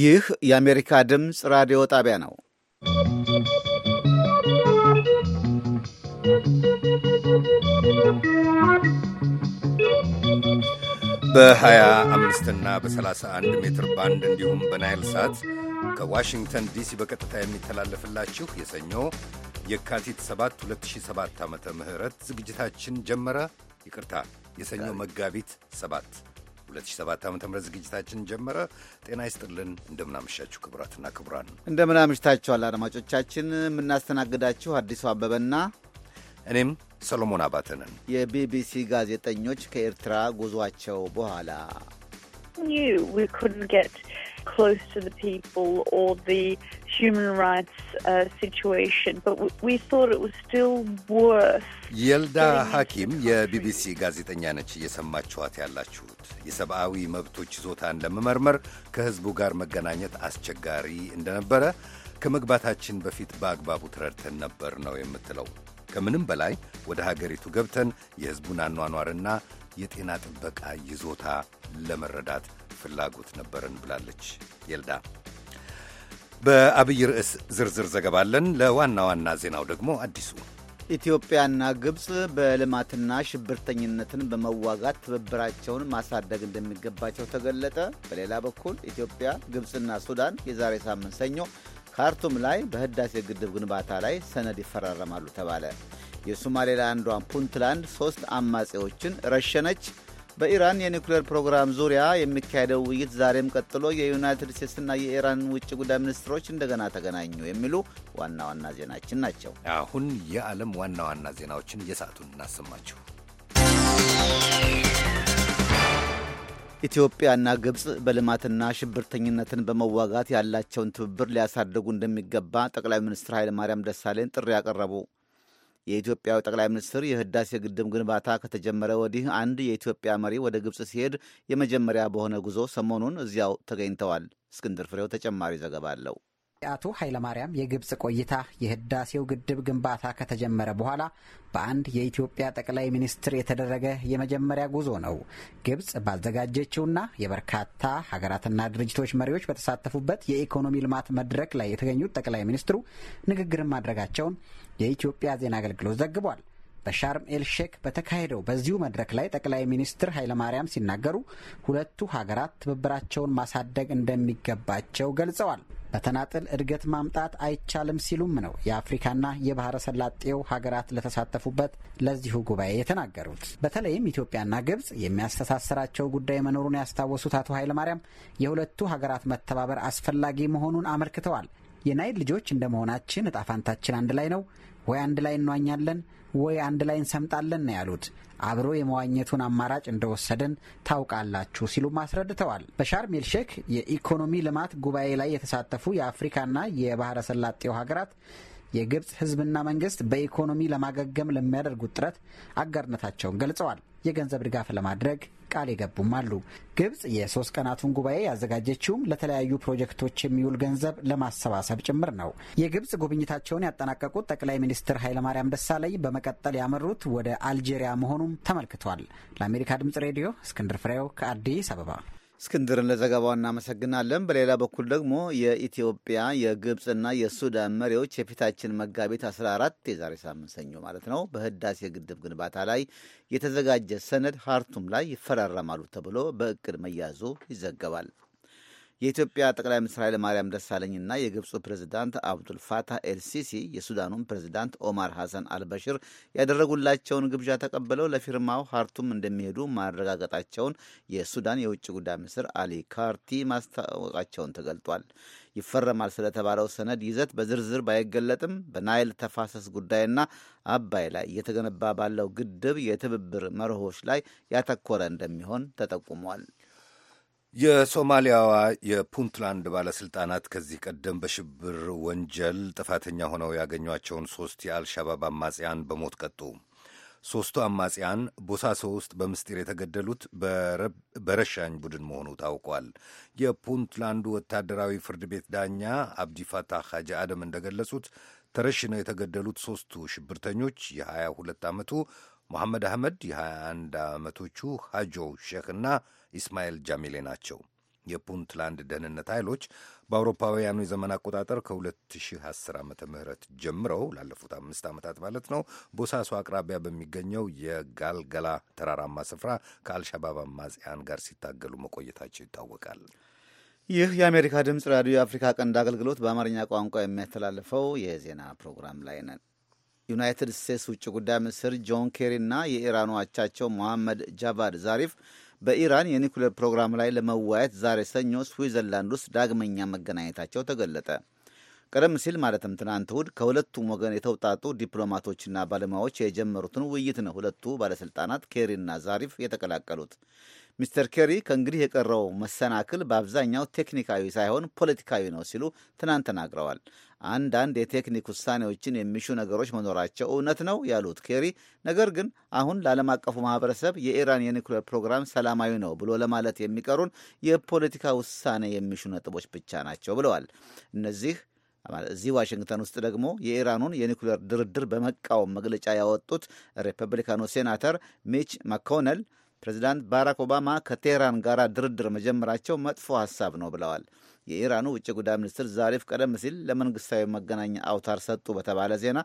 ይህ የአሜሪካ ድምፅ ራዲዮ ጣቢያ ነው። በ25 እና በ31 ሜትር ባንድ እንዲሁም በናይል ሳት ከዋሽንግተን ዲሲ በቀጥታ የሚተላለፍላችሁ የሰኞ የካቲት 7 2007 ዓ ም ዝግጅታችን ጀመረ። ይቅርታ የሰኞ መጋቢት 7 2007 ዓ ም ዝግጅታችን ጀመረ። ጤና ይስጥልን። እንደምናመሻችሁ ክቡራትና ክቡራን፣ እንደምናመሽታችኋል አድማጮቻችን። የምናስተናግዳችሁ አዲሱ አበበና እኔም ሰሎሞን አባተንን። የቢቢሲ ጋዜጠኞች ከኤርትራ ጉዟቸው በኋላ close to the people or the human rights uh, situation, but we thought it was still worth. የልዳ ሐኪም የቢቢሲ ጋዜጠኛ ነች። እየሰማችኋት ያላችሁት የሰብአዊ መብቶች ይዞታን ለመመርመር ከሕዝቡ ጋር መገናኘት አስቸጋሪ እንደነበረ ከመግባታችን በፊት በአግባቡ ተረድተን ነበር ነው የምትለው። ከምንም በላይ ወደ ሀገሪቱ ገብተን የሕዝቡን አኗኗርና የጤና ጥበቃ ይዞታ ለመረዳት ፍላጎት ነበረን ብላለች የልዳ። በአብይ ርዕስ ዝርዝር ዘገባለን። ለዋና ዋና ዜናው ደግሞ አዲሱ ኢትዮጵያና ግብፅ በልማትና ሽብርተኝነትን በመዋጋት ትብብራቸውን ማሳደግ እንደሚገባቸው ተገለጠ። በሌላ በኩል ኢትዮጵያ፣ ግብፅና ሱዳን የዛሬ ሳምንት ሰኞ ካርቱም ላይ በህዳሴ ግድብ ግንባታ ላይ ሰነድ ይፈራረማሉ ተባለ። የሶማሌላንዷን ፑንትላንድ ሶስት አማጺዎችን ረሸነች። በኢራን የኒውክሌር ፕሮግራም ዙሪያ የሚካሄደው ውይይት ዛሬም ቀጥሎ የዩናይትድ ስቴትስና የኢራን ውጭ ጉዳይ ሚኒስትሮች እንደገና ተገናኙ የሚሉ ዋና ዋና ዜናችን ናቸው። አሁን የዓለም ዋና ዋና ዜናዎችን የሰዓቱን እናሰማችሁ። ኢትዮጵያና ግብፅ በልማትና ሽብርተኝነትን በመዋጋት ያላቸውን ትብብር ሊያሳድጉ እንደሚገባ ጠቅላይ ሚኒስትር ኃይለማርያም ደሳለኝ ጥሪ ያቀረቡ የኢትዮጵያው ጠቅላይ ሚኒስትር የህዳሴ ግድብ ግንባታ ከተጀመረ ወዲህ አንድ የኢትዮጵያ መሪ ወደ ግብፅ ሲሄድ የመጀመሪያ በሆነ ጉዞ ሰሞኑን እዚያው ተገኝተዋል። እስክንድር ፍሬው ተጨማሪ ዘገባ አለው። አቶ ኃይለማርያም የግብፅ ቆይታ የህዳሴው ግድብ ግንባታ ከተጀመረ በኋላ በአንድ የኢትዮጵያ ጠቅላይ ሚኒስትር የተደረገ የመጀመሪያ ጉዞ ነው። ግብፅ ባዘጋጀችውና የበርካታ ሀገራትና ድርጅቶች መሪዎች በተሳተፉበት የኢኮኖሚ ልማት መድረክ ላይ የተገኙት ጠቅላይ ሚኒስትሩ ንግግርን ማድረጋቸውን የኢትዮጵያ ዜና አገልግሎት ዘግቧል። በሻርም ኤል ሼክ በተካሄደው በዚሁ መድረክ ላይ ጠቅላይ ሚኒስትር ኃይለማርያም ሲናገሩ ሁለቱ ሀገራት ትብብራቸውን ማሳደግ እንደሚገባቸው ገልጸዋል። በተናጥል እድገት ማምጣት አይቻልም ሲሉም ነው የአፍሪካና የባህረ ሰላጤው ሀገራት ለተሳተፉበት ለዚሁ ጉባኤ የተናገሩት። በተለይም ኢትዮጵያና ግብጽ የሚያስተሳስራቸው ጉዳይ መኖሩን ያስታወሱት አቶ ኃይለማርያም የሁለቱ ሀገራት መተባበር አስፈላጊ መሆኑን አመልክተዋል። የናይል ልጆች እንደመሆናችን እጣፋንታችን አንድ ላይ ነው። ወይ አንድ ላይ እንዋኛለን ወይ አንድ ላይ እንሰምጣለን ነው ያሉት። አብሮ የመዋኘቱን አማራጭ እንደወሰድን ታውቃላችሁ ሲሉም አስረድተዋል። በሻርሜልሼክ ሼክ የኢኮኖሚ ልማት ጉባኤ ላይ የተሳተፉ የአፍሪካና የባህረ ሰላጤው ሀገራት የግብፅ ህዝብና መንግስት በኢኮኖሚ ለማገገም ለሚያደርጉት ጥረት አጋርነታቸውን ገልጸዋል። የገንዘብ ድጋፍ ለማድረግ ቃል የገቡም አሉ። ግብፅ የሶስት ቀናቱን ጉባኤ ያዘጋጀችውም ለተለያዩ ፕሮጀክቶች የሚውል ገንዘብ ለማሰባሰብ ጭምር ነው። የግብፅ ጉብኝታቸውን ያጠናቀቁት ጠቅላይ ሚኒስትር ኃይለማርያም ደሳለኝ በመቀጠል ያመሩት ወደ አልጄሪያ መሆኑም ተመልክቷል። ለአሜሪካ ድምጽ ሬዲዮ እስክንድር ፍሬው ከአዲስ አበባ እስክንድርን ለዘገባው እናመሰግናለን። በሌላ በኩል ደግሞ የኢትዮጵያ የግብፅና የሱዳን መሪዎች የፊታችን መጋቢት 14 የዛሬ ሳምንት ሰኞ ማለት ነው በህዳሴ ግድብ ግንባታ ላይ የተዘጋጀ ሰነድ ሀርቱም ላይ ይፈራረማሉ ተብሎ በእቅድ መያዙ ይዘገባል። የኢትዮጵያ ጠቅላይ ሚኒስትር ኃይለ ደሳለኝ ደሳለኝና የግብፁ ፕሬዚዳንት አብዱል ፋታህ ኤልሲሲ የሱዳኑን ፕሬዚዳንት ኦማር ሐሰን አልበሽር ያደረጉላቸውን ግብዣ ተቀብለው ለፊርማው ሀርቱም እንደሚሄዱ ማረጋገጣቸውን የሱዳን የውጭ ጉዳይ ሚኒስትር አሊ ካርቲ ማስታወቃቸውን ተገልጧል። ይፈረማል ስለተባለው ሰነድ ይዘት በዝርዝር ባይገለጥም በናይል ተፋሰስ ጉዳይና አባይ ላይ እየተገነባ ባለው ግድብ የትብብር መርሆች ላይ ያተኮረ እንደሚሆን ተጠቁሟል። የሶማሊያዋ የፑንትላንድ ባለሥልጣናት ከዚህ ቀደም በሽብር ወንጀል ጥፋተኛ ሆነው ያገኟቸውን ሦስት የአልሻባብ አማጽያን በሞት ቀጡ። ሦስቱ አማጽያን ቦሳሶ ውስጥ በምስጢር የተገደሉት በረሻኝ ቡድን መሆኑ ታውቋል። የፑንትላንዱ ወታደራዊ ፍርድ ቤት ዳኛ አብዲፋታህ ፋታህ ሐጂ አደም እንደገለጹት ተረሽነው የተገደሉት ሦስቱ ሽብርተኞች የ22 ዓመቱ መሐመድ አህመድ፣ የ21 ዓመቶቹ ሃጆ ና ። ኢስማኤል ጃሚሌ ናቸው። የፑንትላንድ ደህንነት ኃይሎች በአውሮፓውያኑ የዘመን አቆጣጠር ከ2010 ዓ ም ጀምረው ላለፉት አምስት ዓመታት ማለት ነው ቦሳሶ አቅራቢያ በሚገኘው የጋልገላ ተራራማ ስፍራ ከአልሻባብ አማጽያን ጋር ሲታገሉ መቆየታቸው ይታወቃል። ይህ የአሜሪካ ድምፅ ራዲዮ የአፍሪካ ቀንድ አገልግሎት በአማርኛ ቋንቋ የሚያስተላልፈው የዜና ፕሮግራም ላይ ነን። ዩናይትድ ስቴትስ ውጭ ጉዳይ ሚኒስትር ጆን ኬሪ እና የኢራኑ አቻቸው ሞሐመድ ጃቫድ ዛሪፍ በኢራን የኒኩሌር ፕሮግራም ላይ ለመወያየት ዛሬ ሰኞ ስዊዘርላንድ ውስጥ ዳግመኛ መገናኘታቸው ተገለጠ። ቀደም ሲል ማለትም ትናንት እሁድ ከሁለቱም ወገን የተውጣጡ ዲፕሎማቶችና ባለሙያዎች የጀመሩትን ውይይት ነው ሁለቱ ባለሥልጣናት ኬሪና ዛሪፍ የተቀላቀሉት። ሚስተር ኬሪ ከእንግዲህ የቀረው መሰናክል በአብዛኛው ቴክኒካዊ ሳይሆን ፖለቲካዊ ነው ሲሉ ትናንት ተናግረዋል። አንዳንድ የቴክኒክ ውሳኔዎችን የሚሹ ነገሮች መኖራቸው እውነት ነው ያሉት ኬሪ፣ ነገር ግን አሁን ለዓለም አቀፉ ማህበረሰብ የኢራን የኒውክሌር ፕሮግራም ሰላማዊ ነው ብሎ ለማለት የሚቀሩን የፖለቲካ ውሳኔ የሚሹ ነጥቦች ብቻ ናቸው ብለዋል። እነዚህ እዚህ ዋሽንግተን ውስጥ ደግሞ የኢራኑን የኒውክሌር ድርድር በመቃወም መግለጫ ያወጡት ሪፐብሊካኑ ሴናተር ሚች ማኮነል ፕሬዚዳንት ባራክ ኦባማ ከቴህራን ጋር ድርድር መጀመራቸው መጥፎ ሀሳብ ነው ብለዋል። የኢራኑ ውጭ ጉዳይ ሚኒስትር ዛሪፍ ቀደም ሲል ለመንግስታዊ መገናኛ አውታር ሰጡ በተባለ ዜና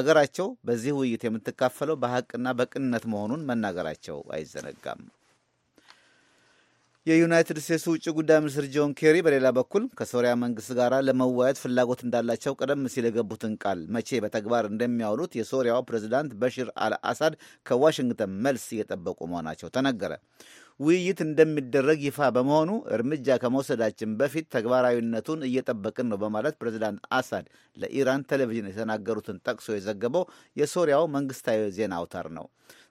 አገራቸው በዚህ ውይይት የምትካፈለው በሀቅና በቅንነት መሆኑን መናገራቸው አይዘነጋም። የዩናይትድ ስቴትስ ውጭ ጉዳይ ሚኒስትር ጆን ኬሪ በሌላ በኩል ከሶሪያ መንግስት ጋር ለመወያየት ፍላጎት እንዳላቸው ቀደም ሲል የገቡትን ቃል መቼ በተግባር እንደሚያውሉት የሶሪያው ፕሬዚዳንት በሽር አልአሳድ ከዋሽንግተን መልስ እየጠበቁ መሆናቸው ተነገረ። ውይይት እንደሚደረግ ይፋ በመሆኑ እርምጃ ከመውሰዳችን በፊት ተግባራዊነቱን እየጠበቅን ነው በማለት ፕሬዚዳንት አሳድ ለኢራን ቴሌቪዥን የተናገሩትን ጠቅሶ የዘገበው የሶሪያው መንግስታዊ ዜና አውታር ነው።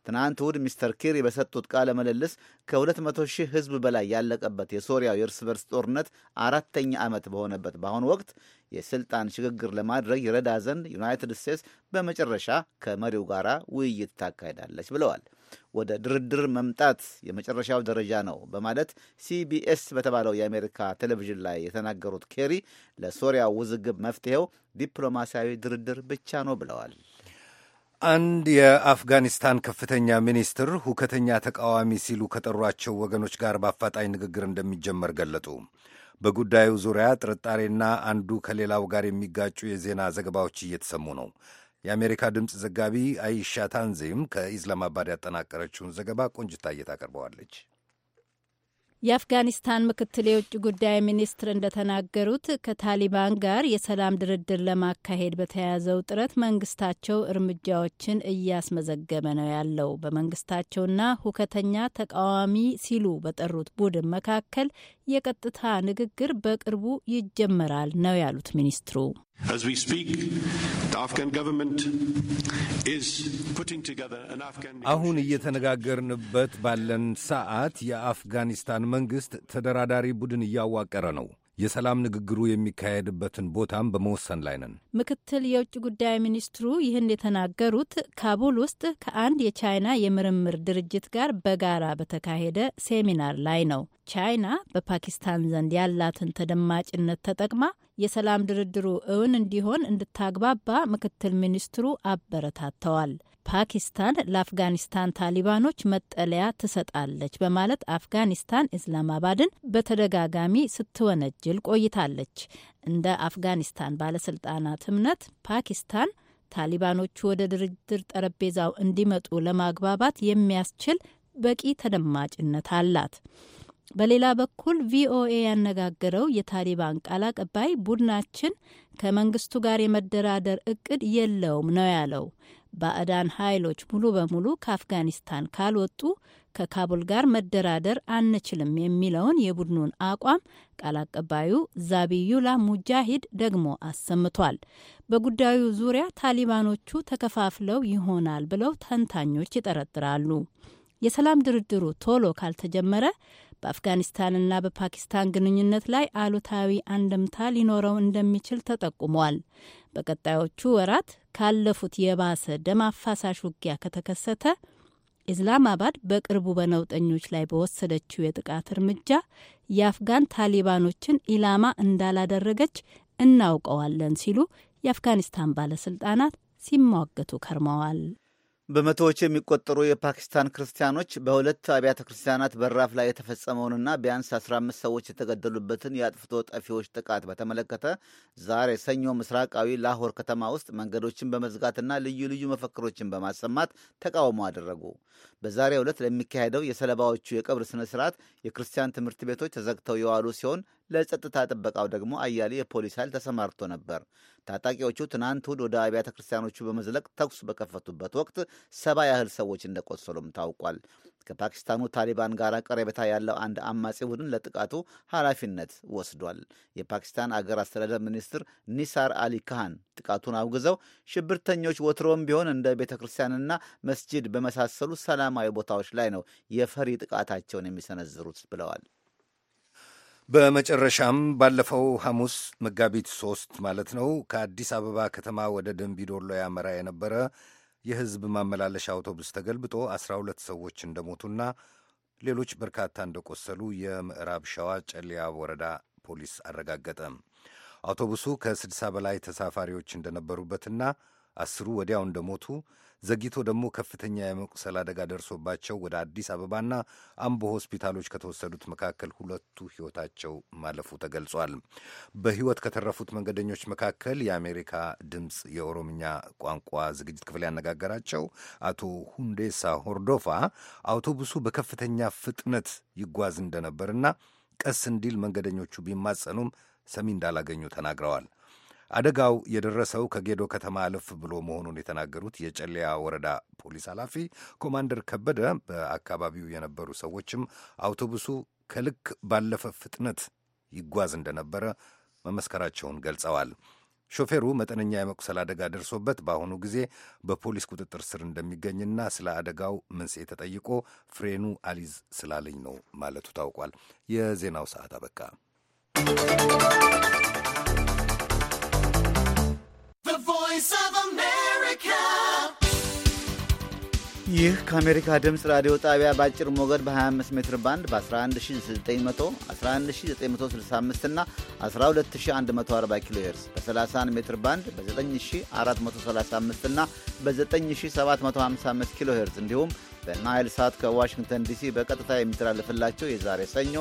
ትናንት እሁድ ሚስተር ኪሪ በሰጡት ቃለ ምልልስ ከ200 ሺህ ህዝብ በላይ ያለቀበት የሶሪያው የእርስ በርስ ጦርነት አራተኛ ዓመት በሆነበት በአሁኑ ወቅት የስልጣን ሽግግር ለማድረግ ይረዳ ዘንድ ዩናይትድ ስቴትስ በመጨረሻ ከመሪው ጋር ውይይት ታካሂዳለች ብለዋል። ወደ ድርድር መምጣት የመጨረሻው ደረጃ ነው በማለት ሲቢኤስ በተባለው የአሜሪካ ቴሌቪዥን ላይ የተናገሩት ኬሪ ለሶሪያ ውዝግብ መፍትሄው ዲፕሎማሲያዊ ድርድር ብቻ ነው ብለዋል። አንድ የአፍጋኒስታን ከፍተኛ ሚኒስትር ሁከተኛ ተቃዋሚ ሲሉ ከጠሯቸው ወገኖች ጋር በአፋጣኝ ንግግር እንደሚጀመር ገለጡ። በጉዳዩ ዙሪያ ጥርጣሬና አንዱ ከሌላው ጋር የሚጋጩ የዜና ዘገባዎች እየተሰሙ ነው። የአሜሪካ ድምፅ ዘጋቢ አይሻ ታንዚም ከኢስላማባድ ያጠናቀረችውን ዘገባ ቆንጅታ ታቀርበዋለች። የአፍጋኒስታን ምክትል የውጭ ጉዳይ ሚኒስትር እንደተናገሩት ከታሊባን ጋር የሰላም ድርድር ለማካሄድ በተያያዘው ጥረት መንግስታቸው እርምጃዎችን እያስመዘገበ ነው ያለው። በመንግስታቸውና ሁከተኛ ተቃዋሚ ሲሉ በጠሩት ቡድን መካከል የቀጥታ ንግግር በቅርቡ ይጀመራል ነው ያሉት ሚኒስትሩ። አሁን እየተነጋገርንበት ባለን ሰዓት የአፍጋኒስታን መንግስት ተደራዳሪ ቡድን እያዋቀረ ነው። የሰላም ንግግሩ የሚካሄድበትን ቦታም በመወሰን ላይ ነን። ምክትል የውጭ ጉዳይ ሚኒስትሩ ይህን የተናገሩት ካቡል ውስጥ ከአንድ የቻይና የምርምር ድርጅት ጋር በጋራ በተካሄደ ሴሚናር ላይ ነው። ቻይና በፓኪስታን ዘንድ ያላትን ተደማጭነት ተጠቅማ የሰላም ድርድሩ እውን እንዲሆን እንድታግባባ ምክትል ሚኒስትሩ አበረታተዋል። ፓኪስታን ለአፍጋኒስታን ታሊባኖች መጠለያ ትሰጣለች በማለት አፍጋኒስታን ኢስላማባድን በተደጋጋሚ ስትወነጅል ቆይታለች። እንደ አፍጋኒስታን ባለስልጣናት እምነት ፓኪስታን ታሊባኖቹ ወደ ድርድር ጠረጴዛው እንዲመጡ ለማግባባት የሚያስችል በቂ ተደማጭነት አላት። በሌላ በኩል ቪኦኤ ያነጋገረው የታሊባን ቃል አቀባይ ቡድናችን ከመንግስቱ ጋር የመደራደር እቅድ የለውም ነው ያለው። ባዕዳን ኃይሎች ሙሉ በሙሉ ከአፍጋኒስታን ካልወጡ ከካቡል ጋር መደራደር አንችልም የሚለውን የቡድኑን አቋም ቃል አቀባዩ ዛቢዩላ ሙጃሂድ ደግሞ አሰምቷል። በጉዳዩ ዙሪያ ታሊባኖቹ ተከፋፍለው ይሆናል ብለው ተንታኞች ይጠረጥራሉ። የሰላም ድርድሩ ቶሎ ካልተጀመረ በአፍጋኒስታንና በፓኪስታን ግንኙነት ላይ አሉታዊ አንድምታ ሊኖረው እንደሚችል ተጠቁሟል። በቀጣዮቹ ወራት ካለፉት የባሰ ደም አፋሳሽ ውጊያ ከተከሰተ ኢስላማባድ በቅርቡ በነውጠኞች ላይ በወሰደችው የጥቃት እርምጃ የአፍጋን ታሊባኖችን ኢላማ እንዳላደረገች እናውቀዋለን ሲሉ የአፍጋኒስታን ባለስልጣናት ሲሟገቱ ከርመዋል። በመቶዎች የሚቆጠሩ የፓኪስታን ክርስቲያኖች በሁለት አብያተ ክርስቲያናት በራፍ ላይ የተፈጸመውንና ቢያንስ 15 ሰዎች የተገደሉበትን የአጥፍቶ ጠፊዎች ጥቃት በተመለከተ ዛሬ ሰኞ ምስራቃዊ ላሆር ከተማ ውስጥ መንገዶችን በመዝጋትና ልዩ ልዩ መፈክሮችን በማሰማት ተቃውሞ አደረጉ። በዛሬ ዕለት ለሚካሄደው የሰለባዎቹ የቀብር ስነ ስርዓት የክርስቲያን ትምህርት ቤቶች ተዘግተው የዋሉ ሲሆን ለጸጥታ ጥበቃው ደግሞ አያሌ የፖሊስ ኃይል ተሰማርቶ ነበር። ታጣቂዎቹ ትናንት እሁድ ወደ አብያተ ክርስቲያኖቹ በመዝለቅ ተኩስ በከፈቱበት ወቅት ሰባ ያህል ሰዎች እንደቆሰሉም ታውቋል። ከፓኪስታኑ ታሊባን ጋር ቀረቤታ ያለው አንድ አማጺ ቡድን ለጥቃቱ ኃላፊነት ወስዷል። የፓኪስታን አገር አስተዳደር ሚኒስትር ኒሳር አሊ ካህን ጥቃቱን አውግዘው ሽብርተኞች ወትሮም ቢሆን እንደ ቤተ ክርስቲያንና መስጂድ በመሳሰሉ ሰላማዊ ቦታዎች ላይ ነው የፈሪ ጥቃታቸውን የሚሰነዝሩት ብለዋል። በመጨረሻም ባለፈው ሐሙስ መጋቢት ሶስት ማለት ነው ከአዲስ አበባ ከተማ ወደ ደንቢዶሎ ያመራ የነበረ የህዝብ ማመላለሻ አውቶቡስ ተገልብጦ 12 ሰዎች እንደሞቱና ሌሎች በርካታ እንደቆሰሉ የምዕራብ ሸዋ ጨልያ ወረዳ ፖሊስ አረጋገጠ። አውቶቡሱ ከ60 በላይ ተሳፋሪዎች እንደነበሩበትና አስሩ ወዲያው እንደሞቱ ዘግይቶ ደግሞ ከፍተኛ የመቁሰል አደጋ ደርሶባቸው ወደ አዲስ አበባና አምቦ ሆስፒታሎች ከተወሰዱት መካከል ሁለቱ ሕይወታቸው ማለፉ ተገልጿል። በሕይወት ከተረፉት መንገደኞች መካከል የአሜሪካ ድምፅ የኦሮምኛ ቋንቋ ዝግጅት ክፍል ያነጋገራቸው አቶ ሁንዴሳ ሆርዶፋ አውቶቡሱ በከፍተኛ ፍጥነት ይጓዝ እንደነበርና ቀስ እንዲል መንገደኞቹ ቢማጸኑም ሰሚ እንዳላገኙ ተናግረዋል። አደጋው የደረሰው ከጌዶ ከተማ አለፍ ብሎ መሆኑን የተናገሩት የጨለያ ወረዳ ፖሊስ ኃላፊ ኮማንደር ከበደ በአካባቢው የነበሩ ሰዎችም አውቶቡሱ ከልክ ባለፈ ፍጥነት ይጓዝ እንደነበረ መመስከራቸውን ገልጸዋል። ሾፌሩ መጠነኛ የመቁሰል አደጋ ደርሶበት በአሁኑ ጊዜ በፖሊስ ቁጥጥር ስር እንደሚገኝና ስለ አደጋው መንስኤ ተጠይቆ ፍሬኑ አሊዝ ስላለኝ ነው ማለቱ ታውቋል። የዜናው ሰዓት አበቃ። ይህ ከአሜሪካ ድምፅ ራዲዮ ጣቢያ በአጭር ሞገድ በ25 ሜትር ባንድ በ11900፣ 11965 እና 12140 ኪሎ ሄርስ በ31 ሜትር ባንድ በ9435 እና በ9755 ኪሎ ሄርስ እንዲሁም በናይል ሳት ከዋሽንግተን ዲሲ በቀጥታ የሚተላለፍላቸው የዛሬ ሰኞ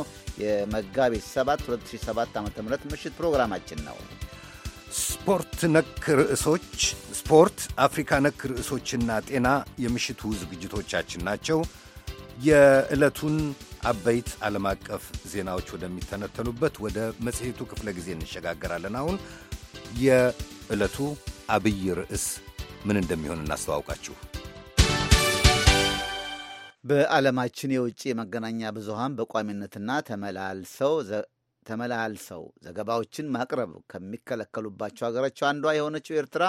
የመጋቢት 7 2007 ዓ ም ምሽት ፕሮግራማችን ነው። ስፖርት ነክ ርዕሶች፣ ስፖርት፣ አፍሪካ ነክ ርዕሶችና ጤና የምሽቱ ዝግጅቶቻችን ናቸው። የዕለቱን አበይት ዓለም አቀፍ ዜናዎች ወደሚተነተኑበት ወደ መጽሔቱ ክፍለ ጊዜ እንሸጋገራለን። አሁን የዕለቱ አብይ ርዕስ ምን እንደሚሆን እናስተዋውቃችሁ። በዓለማችን የውጭ የመገናኛ ብዙሃን በቋሚነትና ተመላልሰው ተመላልሰው ዘገባዎችን ማቅረብ ከሚከለከሉባቸው ሀገራቸው አንዷ የሆነችው ኤርትራ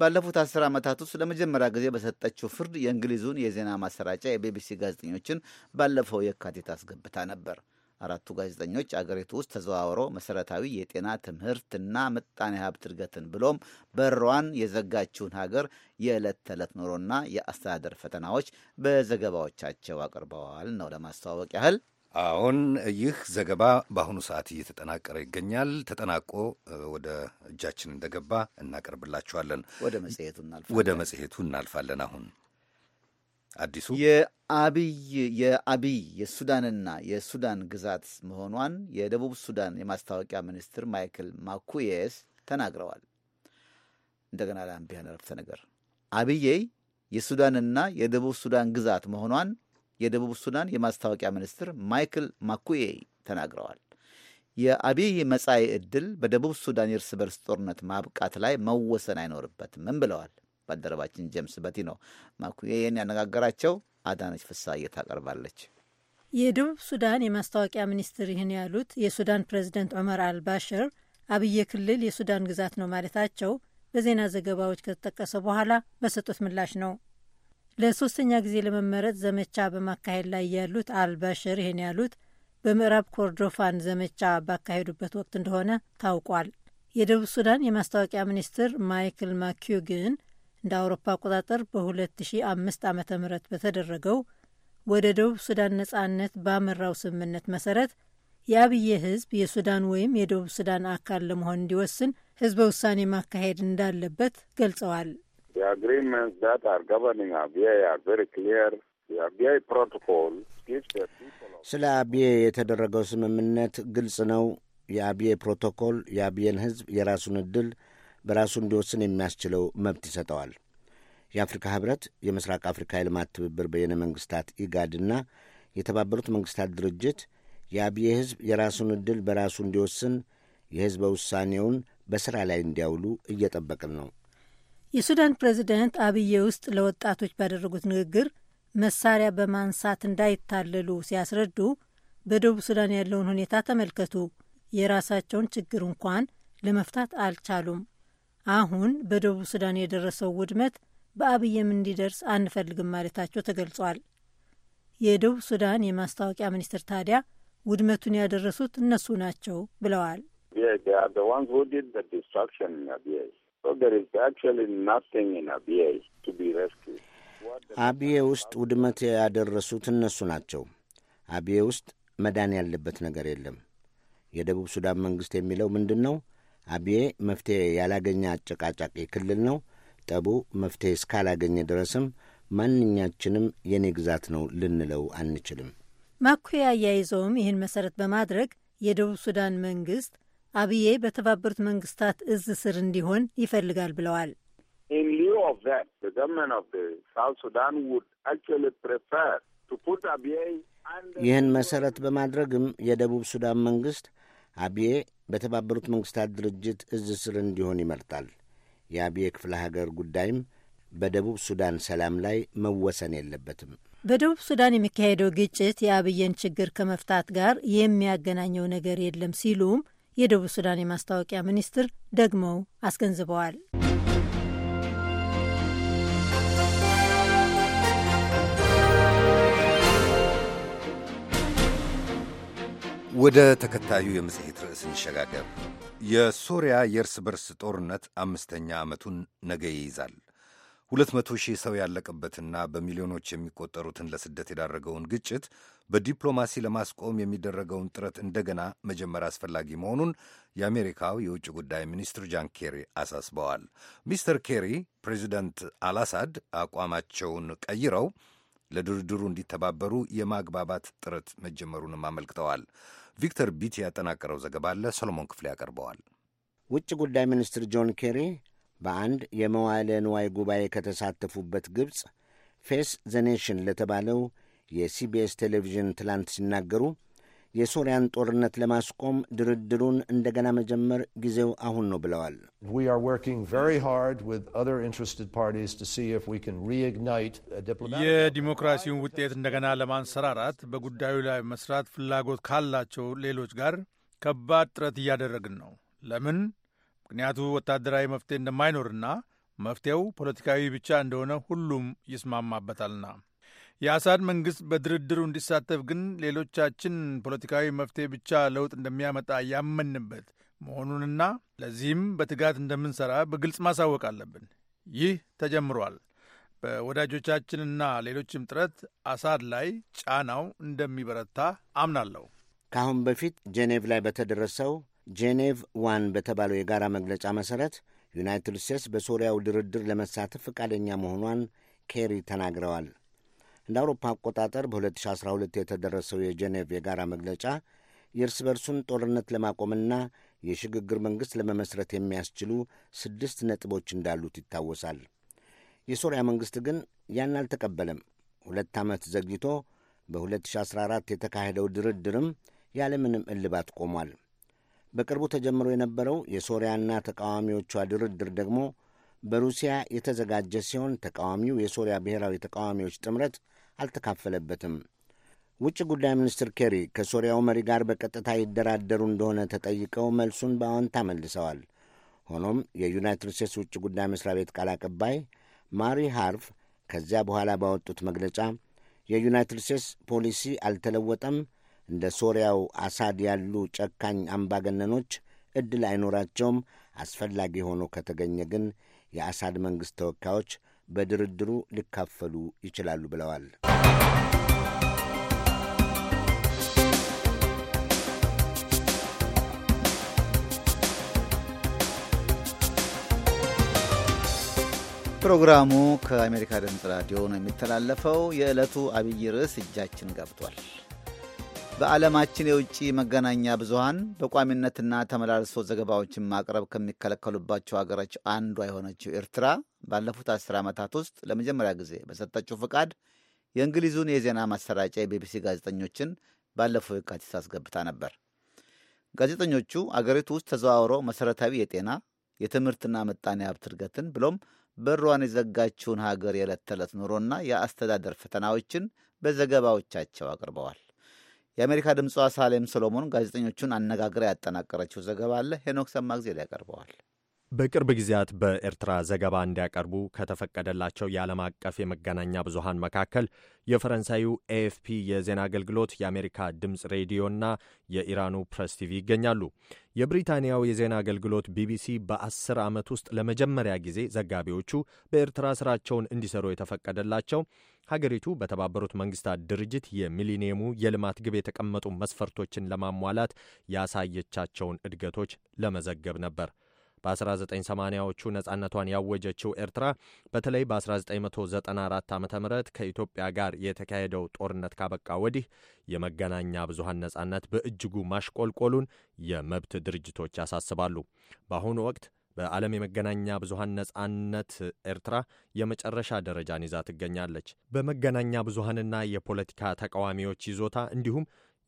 ባለፉት አስር ዓመታት ውስጥ ለመጀመሪያ ጊዜ በሰጠችው ፍርድ የእንግሊዙን የዜና ማሰራጫ የቢቢሲ ጋዜጠኞችን ባለፈው የካቲት አስገብታ ነበር። አራቱ ጋዜጠኞች አገሪቱ ውስጥ ተዘዋውሮ መሰረታዊ የጤና ትምህርትና ምጣኔ ሀብት እድገትን ብሎም በሯን የዘጋችውን ሀገር የዕለት ተዕለት ኑሮና የአስተዳደር ፈተናዎች በዘገባዎቻቸው አቅርበዋል። ነው ለማስተዋወቅ ያህል። አሁን ይህ ዘገባ በአሁኑ ሰዓት እየተጠናቀረ ይገኛል። ተጠናቆ ወደ እጃችን እንደገባ እናቀርብላችኋለን። ወደ መጽሔቱ እናልፋለን። አሁን አዲሱ የአብይ የአብይ የሱዳንና የሱዳን ግዛት መሆኗን የደቡብ ሱዳን የማስታወቂያ ሚኒስትር ማይክል ማኩየስ ተናግረዋል። እንደገና ለአንቢያን ረፍተ ነገር አብዬ የሱዳንና የደቡብ ሱዳን ግዛት መሆኗን የደቡብ ሱዳን የማስታወቂያ ሚኒስትር ማይክል ማኩዬ ተናግረዋል። የአብይ መጻኢ ዕድል በደቡብ ሱዳን የእርስ በርስ ጦርነት ማብቃት ላይ መወሰን አይኖርበትምም ብለዋል። ባልደረባችን ጀምስ በቲ ነው ማኩዬን ያነጋገራቸው። አዳነች ፍሳዬ ታቀርባለች። የደቡብ ሱዳን የማስታወቂያ ሚኒስትር ይህን ያሉት የሱዳን ፕሬዚደንት ዑመር አልባሽር አብዬ ክልል የሱዳን ግዛት ነው ማለታቸው በዜና ዘገባዎች ከተጠቀሰ በኋላ በሰጡት ምላሽ ነው። ለሶስተኛ ጊዜ ለመመረጥ ዘመቻ በማካሄድ ላይ ያሉት አልባሽር ይህን ያሉት በምዕራብ ኮርዶፋን ዘመቻ ባካሄዱበት ወቅት እንደሆነ ታውቋል። የደቡብ ሱዳን የማስታወቂያ ሚኒስትር ማይክል ማኪዩ ግን እንደ አውሮፓ አቆጣጠር በ2005 ዓ ም በተደረገው ወደ ደቡብ ሱዳን ነጻነት ባመራው ስምምነት መሰረት የአብዬ ህዝብ የሱዳን ወይም የደቡብ ሱዳን አካል ለመሆን እንዲወስን ህዝበ ውሳኔ ማካሄድ እንዳለበት ገልጸዋል። The agreements that are governing RBI are very clear. The protocol gives the people ስለ አብዬ የተደረገው ስምምነት ግልጽ ነው። የአብዬ ፕሮቶኮል የአብዬን ሕዝብ የራሱን ዕድል በራሱ እንዲወስን የሚያስችለው መብት ይሰጠዋል። የአፍሪካ ህብረት፣ የምስራቅ አፍሪካ የልማት ትብብር በየነ መንግስታት ኢጋድና የተባበሩት መንግስታት ድርጅት የአብዬ ህዝብ የራሱን ዕድል በራሱ እንዲወስን የሕዝበ ውሳኔውን በሥራ ላይ እንዲያውሉ እየጠበቅን ነው። የሱዳን ፕሬዚደንት አብዬ ውስጥ ለወጣቶች ባደረጉት ንግግር መሳሪያ በማንሳት እንዳይታለሉ ሲያስረዱ በደቡብ ሱዳን ያለውን ሁኔታ ተመልከቱ፣ የራሳቸውን ችግር እንኳን ለመፍታት አልቻሉም። አሁን በደቡብ ሱዳን የደረሰው ውድመት በአብዬም እንዲደርስ አንፈልግም ማለታቸው ተገልጿል። የደቡብ ሱዳን የማስታወቂያ ሚኒስትር ታዲያ ውድመቱን ያደረሱት እነሱ ናቸው ብለዋል። አብዬ ውስጥ ውድመት ያደረሱት እነሱ ናቸው። አብዬ ውስጥ መዳን ያለበት ነገር የለም። የደቡብ ሱዳን መንግሥት የሚለው ምንድን ነው? አብዬ መፍትሔ ያላገኘ አጨቃጫቂ ክልል ነው። ጠቡ መፍትሔ እስካላገኘ ድረስም ማንኛችንም የኔ ግዛት ነው ልንለው አንችልም። ማኩያ አያይዘውም ይህን መሠረት በማድረግ የደቡብ ሱዳን መንግሥት አብዬ በተባበሩት መንግስታት እዝ ስር እንዲሆን ይፈልጋል ብለዋል። ይህን መሰረት በማድረግም የደቡብ ሱዳን መንግስት አብዬ በተባበሩት መንግስታት ድርጅት እዝ ስር እንዲሆን ይመርጣል። የአብዬ ክፍለ ሀገር ጉዳይም በደቡብ ሱዳን ሰላም ላይ መወሰን የለበትም። በደቡብ ሱዳን የሚካሄደው ግጭት የአብዬን ችግር ከመፍታት ጋር የሚያገናኘው ነገር የለም ሲሉም የደቡብ ሱዳን የማስታወቂያ ሚኒስትር ደግመው አስገንዝበዋል። ወደ ተከታዩ የመጽሔት ርዕስ እንሸጋገር። የሶሪያ የእርስ በርስ ጦርነት አምስተኛ ዓመቱን ነገ ይይዛል። ሁለት መቶ ሺህ ሰው ያለቀበትና በሚሊዮኖች የሚቆጠሩትን ለስደት የዳረገውን ግጭት በዲፕሎማሲ ለማስቆም የሚደረገውን ጥረት እንደገና መጀመር አስፈላጊ መሆኑን የአሜሪካው የውጭ ጉዳይ ሚኒስትር ጃን ኬሪ አሳስበዋል። ሚስተር ኬሪ ፕሬዚደንት አልአሳድ አቋማቸውን ቀይረው ለድርድሩ እንዲተባበሩ የማግባባት ጥረት መጀመሩንም አመልክተዋል። ቪክተር ቢቲ ያጠናቀረው ዘገባ አለ፣ ሰሎሞን ክፍሌ ያቀርበዋል። ውጭ ጉዳይ ሚኒስትር ጆን ኬሪ በአንድ የመዋለ ንዋይ ጉባኤ ከተሳተፉበት ግብፅ ፌስ ዘኔሽን ለተባለው የሲቢኤስ ቴሌቪዥን ትላንት ሲናገሩ የሶሪያን ጦርነት ለማስቆም ድርድሩን እንደገና መጀመር ጊዜው አሁን ነው ብለዋል። የዲሞክራሲውን ውጤት እንደገና ለማንሰራራት በጉዳዩ ላይ መስራት ፍላጎት ካላቸው ሌሎች ጋር ከባድ ጥረት እያደረግን ነው። ለምን ምክንያቱ ወታደራዊ መፍትሄ እንደማይኖርና መፍትሄው ፖለቲካዊ ብቻ እንደሆነ ሁሉም ይስማማበታልና። የአሳድ መንግሥት በድርድሩ እንዲሳተፍ ግን ሌሎቻችን ፖለቲካዊ መፍትሄ ብቻ ለውጥ እንደሚያመጣ ያመንበት መሆኑንና ለዚህም በትጋት እንደምንሠራ በግልጽ ማሳወቅ አለብን። ይህ ተጀምሯል። በወዳጆቻችንና ሌሎችም ጥረት አሳድ ላይ ጫናው እንደሚበረታ አምናለሁ። ከአሁን በፊት ጄኔቭ ላይ በተደረሰው ጄኔቭ ዋን በተባለው የጋራ መግለጫ መሠረት ዩናይትድ ስቴትስ በሶሪያው ድርድር ለመሳተፍ ፈቃደኛ መሆኗን ኬሪ ተናግረዋል። እንደ አውሮፓ አቆጣጠር በ2012 የተደረሰው የጄኔቭ የጋራ መግለጫ የእርስ በርሱን ጦርነት ለማቆምና የሽግግር መንግሥት ለመመስረት የሚያስችሉ ስድስት ነጥቦች እንዳሉት ይታወሳል። የሶሪያ መንግሥት ግን ያን አልተቀበለም። ሁለት ዓመት ዘግይቶ በ2014 የተካሄደው ድርድርም ያለምንም እልባት ቆሟል። በቅርቡ ተጀምሮ የነበረው የሶሪያና ተቃዋሚዎቿ ድርድር ደግሞ በሩሲያ የተዘጋጀ ሲሆን ተቃዋሚው የሶሪያ ብሔራዊ ተቃዋሚዎች ጥምረት አልተካፈለበትም። ውጭ ጉዳይ ሚኒስትር ኬሪ ከሶሪያው መሪ ጋር በቀጥታ ይደራደሩ እንደሆነ ተጠይቀው መልሱን በአዎንታ መልሰዋል። ሆኖም የዩናይትድ ስቴትስ ውጭ ጉዳይ መስሪያ ቤት ቃል አቀባይ ማሪ ሃርፍ ከዚያ በኋላ ባወጡት መግለጫ የዩናይትድ ስቴትስ ፖሊሲ አልተለወጠም፣ እንደ ሶሪያው አሳድ ያሉ ጨካኝ አምባገነኖች ዕድል አይኖራቸውም። አስፈላጊ ሆኖ ከተገኘ ግን የአሳድ መንግሥት ተወካዮች በድርድሩ ሊካፈሉ ይችላሉ ብለዋል። ፕሮግራሙ ከአሜሪካ ድምፅ ራዲዮ ነው የሚተላለፈው። የዕለቱ አብይ ርዕስ እጃችን ገብቷል። በዓለማችን የውጭ መገናኛ ብዙሃን በቋሚነትና ተመላልሶ ዘገባዎችን ማቅረብ ከሚከለከሉባቸው አገሮች አንዷ የሆነችው ኤርትራ ባለፉት አስር ዓመታት ውስጥ ለመጀመሪያ ጊዜ በሰጠችው ፍቃድ የእንግሊዙን የዜና ማሰራጫ የቢቢሲ ጋዜጠኞችን ባለፈው የካቲት አስገብታ ነበር። ጋዜጠኞቹ አገሪቱ ውስጥ ተዘዋውሮ መሠረታዊ የጤና የትምህርትና ምጣኔ ሀብት እድገትን ብሎም በሯን የዘጋችውን ሀገር የዕለት ተዕለት ኑሮና የአስተዳደር ፈተናዎችን በዘገባዎቻቸው አቅርበዋል። የአሜሪካ ድምፅዋ ሳሌም ሰሎሞን ጋዜጠኞቹን አነጋግራ ያጠናቀረችው ዘገባ አለ። ሄኖክ ሰማግዜር ያቀርበዋል። በቅርብ ጊዜያት በኤርትራ ዘገባ እንዲያቀርቡ ከተፈቀደላቸው የዓለም አቀፍ የመገናኛ ብዙሃን መካከል የፈረንሳዩ ኤኤፍፒ የዜና አገልግሎት፣ የአሜሪካ ድምፅ ሬዲዮና የኢራኑ ፕሬስ ቲቪ ይገኛሉ። የብሪታንያው የዜና አገልግሎት ቢቢሲ በአስር ዓመት ውስጥ ለመጀመሪያ ጊዜ ዘጋቢዎቹ በኤርትራ ስራቸውን እንዲሰሩ የተፈቀደላቸው ሀገሪቱ በተባበሩት መንግስታት ድርጅት የሚሊኒየሙ የልማት ግብ የተቀመጡ መስፈርቶችን ለማሟላት ያሳየቻቸውን እድገቶች ለመዘገብ ነበር። በ1980ዎቹ ነጻነቷን ያወጀችው ኤርትራ በተለይ በ1994 ዓ ም ከኢትዮጵያ ጋር የተካሄደው ጦርነት ካበቃ ወዲህ የመገናኛ ብዙሃን ነጻነት በእጅጉ ማሽቆልቆሉን የመብት ድርጅቶች ያሳስባሉ። በአሁኑ ወቅት በዓለም የመገናኛ ብዙሃን ነጻነት ኤርትራ የመጨረሻ ደረጃን ይዛ ትገኛለች። በመገናኛ ብዙሃንና የፖለቲካ ተቃዋሚዎች ይዞታ እንዲሁም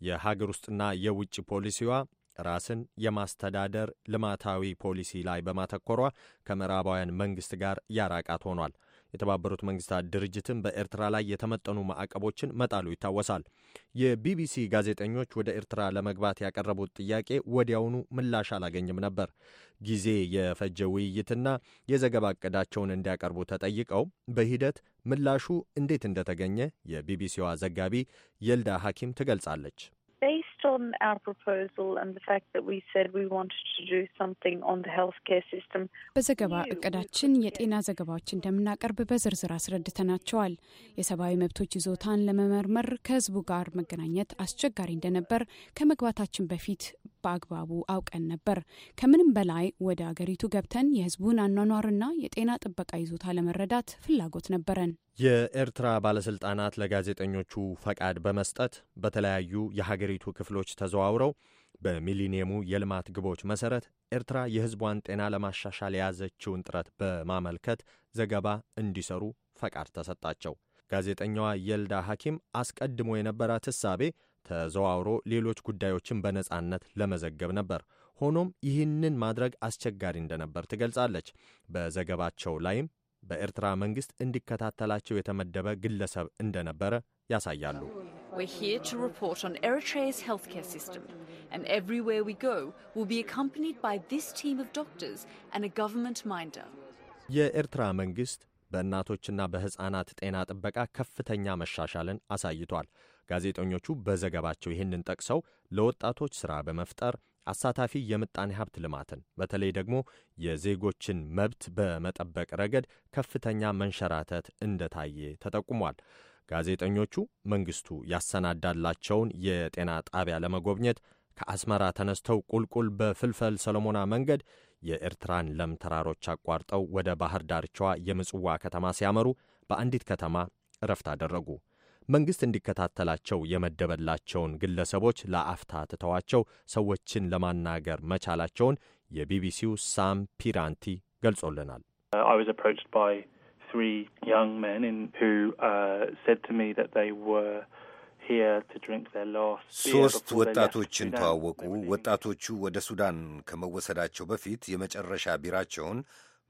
የሀገር ውስጥና የውጭ ፖሊሲዋ ራስን የማስተዳደር ልማታዊ ፖሊሲ ላይ በማተኮሯ ከምዕራባውያን መንግስት ጋር ያራቃት ሆኗል። የተባበሩት መንግስታት ድርጅትም በኤርትራ ላይ የተመጠኑ ማዕቀቦችን መጣሉ ይታወሳል። የቢቢሲ ጋዜጠኞች ወደ ኤርትራ ለመግባት ያቀረቡት ጥያቄ ወዲያውኑ ምላሽ አላገኝም ነበር። ጊዜ የፈጀ ውይይትና የዘገባ እቅዳቸውን እንዲያቀርቡ ተጠይቀው በሂደት ምላሹ እንዴት እንደተገኘ የቢቢሲዋ ዘጋቢ የልዳ ሐኪም ትገልጻለች። on our proposal and the fact that we said we wanted to do something on the healthcare system. በዘገባ እቅዳችን የጤና ዘገባዎች እንደምናቀርብ በዝርዝር አስረድተናቸዋል። የሰብአዊ መብቶች ይዞታን ለመመርመር ከህዝቡ ጋር መገናኘት አስቸጋሪ እንደነበር ከመግባታችን በፊት በአግባቡ አውቀን ነበር። ከምንም በላይ ወደ አገሪቱ ገብተን የህዝቡን አኗኗርና የጤና ጥበቃ ይዞታ ለመረዳት ፍላጎት ነበረን። የኤርትራ ባለሥልጣናት ለጋዜጠኞቹ ፈቃድ በመስጠት በተለያዩ የሀገሪቱ ክፍሎች ተዘዋውረው በሚሊኒየሙ የልማት ግቦች መሠረት ኤርትራ የሕዝቧን ጤና ለማሻሻል የያዘችውን ጥረት በማመልከት ዘገባ እንዲሰሩ ፈቃድ ተሰጣቸው። ጋዜጠኛዋ የልዳ ሐኪም አስቀድሞ የነበራት ትሳቤ ተዘዋውሮ ሌሎች ጉዳዮችን በነጻነት ለመዘገብ ነበር። ሆኖም ይህንን ማድረግ አስቸጋሪ እንደነበር ትገልጻለች። በዘገባቸው ላይም በኤርትራ መንግሥት እንዲከታተላቸው የተመደበ ግለሰብ እንደነበረ ያሳያሉ። የኤርትራ መንግሥት በእናቶችና በሕፃናት ጤና ጥበቃ ከፍተኛ መሻሻልን አሳይቷል። ጋዜጠኞቹ በዘገባቸው ይህንን ጠቅሰው ለወጣቶች ሥራ በመፍጠር አሳታፊ የምጣኔ ሀብት ልማትን በተለይ ደግሞ የዜጎችን መብት በመጠበቅ ረገድ ከፍተኛ መንሸራተት እንደታየ ተጠቁሟል። ጋዜጠኞቹ መንግስቱ ያሰናዳላቸውን የጤና ጣቢያ ለመጎብኘት ከአስመራ ተነስተው ቁልቁል በፍልፈል ሰለሞና መንገድ የኤርትራን ለም ተራሮች አቋርጠው ወደ ባህር ዳርቻዋ የምጽዋ ከተማ ሲያመሩ በአንዲት ከተማ እረፍት አደረጉ። መንግሥት እንዲከታተላቸው የመደበላቸውን ግለሰቦች ለአፍታ ትተዋቸው ሰዎችን ለማናገር መቻላቸውን የቢቢሲው ሳም ፒራንቲ ገልጾልናል። ሶስት uh, uh, ወጣቶችን ተዋወቁ። ወጣቶቹ ወደ ሱዳን ከመወሰዳቸው በፊት የመጨረሻ ቢራቸውን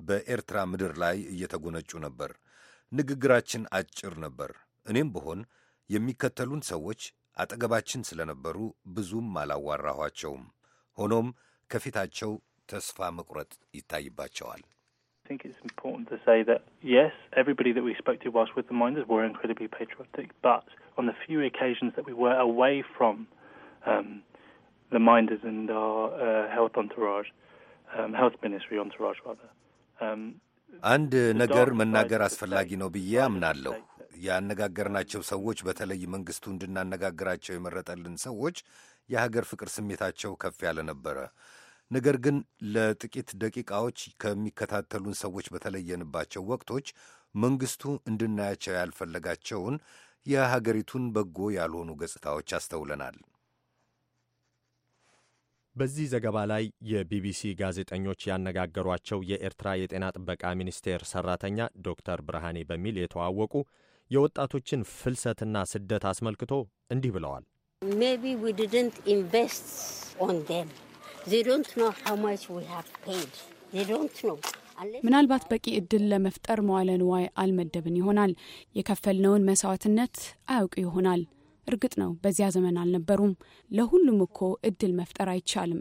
በኤርትራ ምድር ላይ እየተጎነጩ ነበር። ንግግራችን አጭር ነበር። እኔም ብሆን የሚከተሉን ሰዎች አጠገባችን ስለነበሩ ብዙም አላዋራኋቸውም። ሆኖም ከፊታቸው ተስፋ መቁረጥ ይታይባቸዋል። አንድ ነገር መናገር አስፈላጊ ነው ብዬ አምናለሁ። ያነጋገርናቸው ሰዎች በተለይ መንግስቱ እንድናነጋግራቸው የመረጠልን ሰዎች የሀገር ፍቅር ስሜታቸው ከፍ ያለ ነበረ። ነገር ግን ለጥቂት ደቂቃዎች ከሚከታተሉን ሰዎች በተለየንባቸው ወቅቶች መንግስቱ እንድናያቸው ያልፈለጋቸውን የሀገሪቱን በጎ ያልሆኑ ገጽታዎች አስተውለናል። በዚህ ዘገባ ላይ የቢቢሲ ጋዜጠኞች ያነጋገሯቸው የኤርትራ የጤና ጥበቃ ሚኒስቴር ሰራተኛ ዶክተር ብርሃኔ በሚል የተዋወቁ የወጣቶችን ፍልሰትና ስደት አስመልክቶ እንዲህ ብለዋል። ሜቢ ምናልባት በቂ እድል ለመፍጠር መዋለ ንዋይ አልመደብን ይሆናል። የከፈልነውን መስዋዕትነት አያውቅ ይሆናል። እርግጥ ነው በዚያ ዘመን አልነበሩም። ለሁሉም እኮ እድል መፍጠር አይቻልም።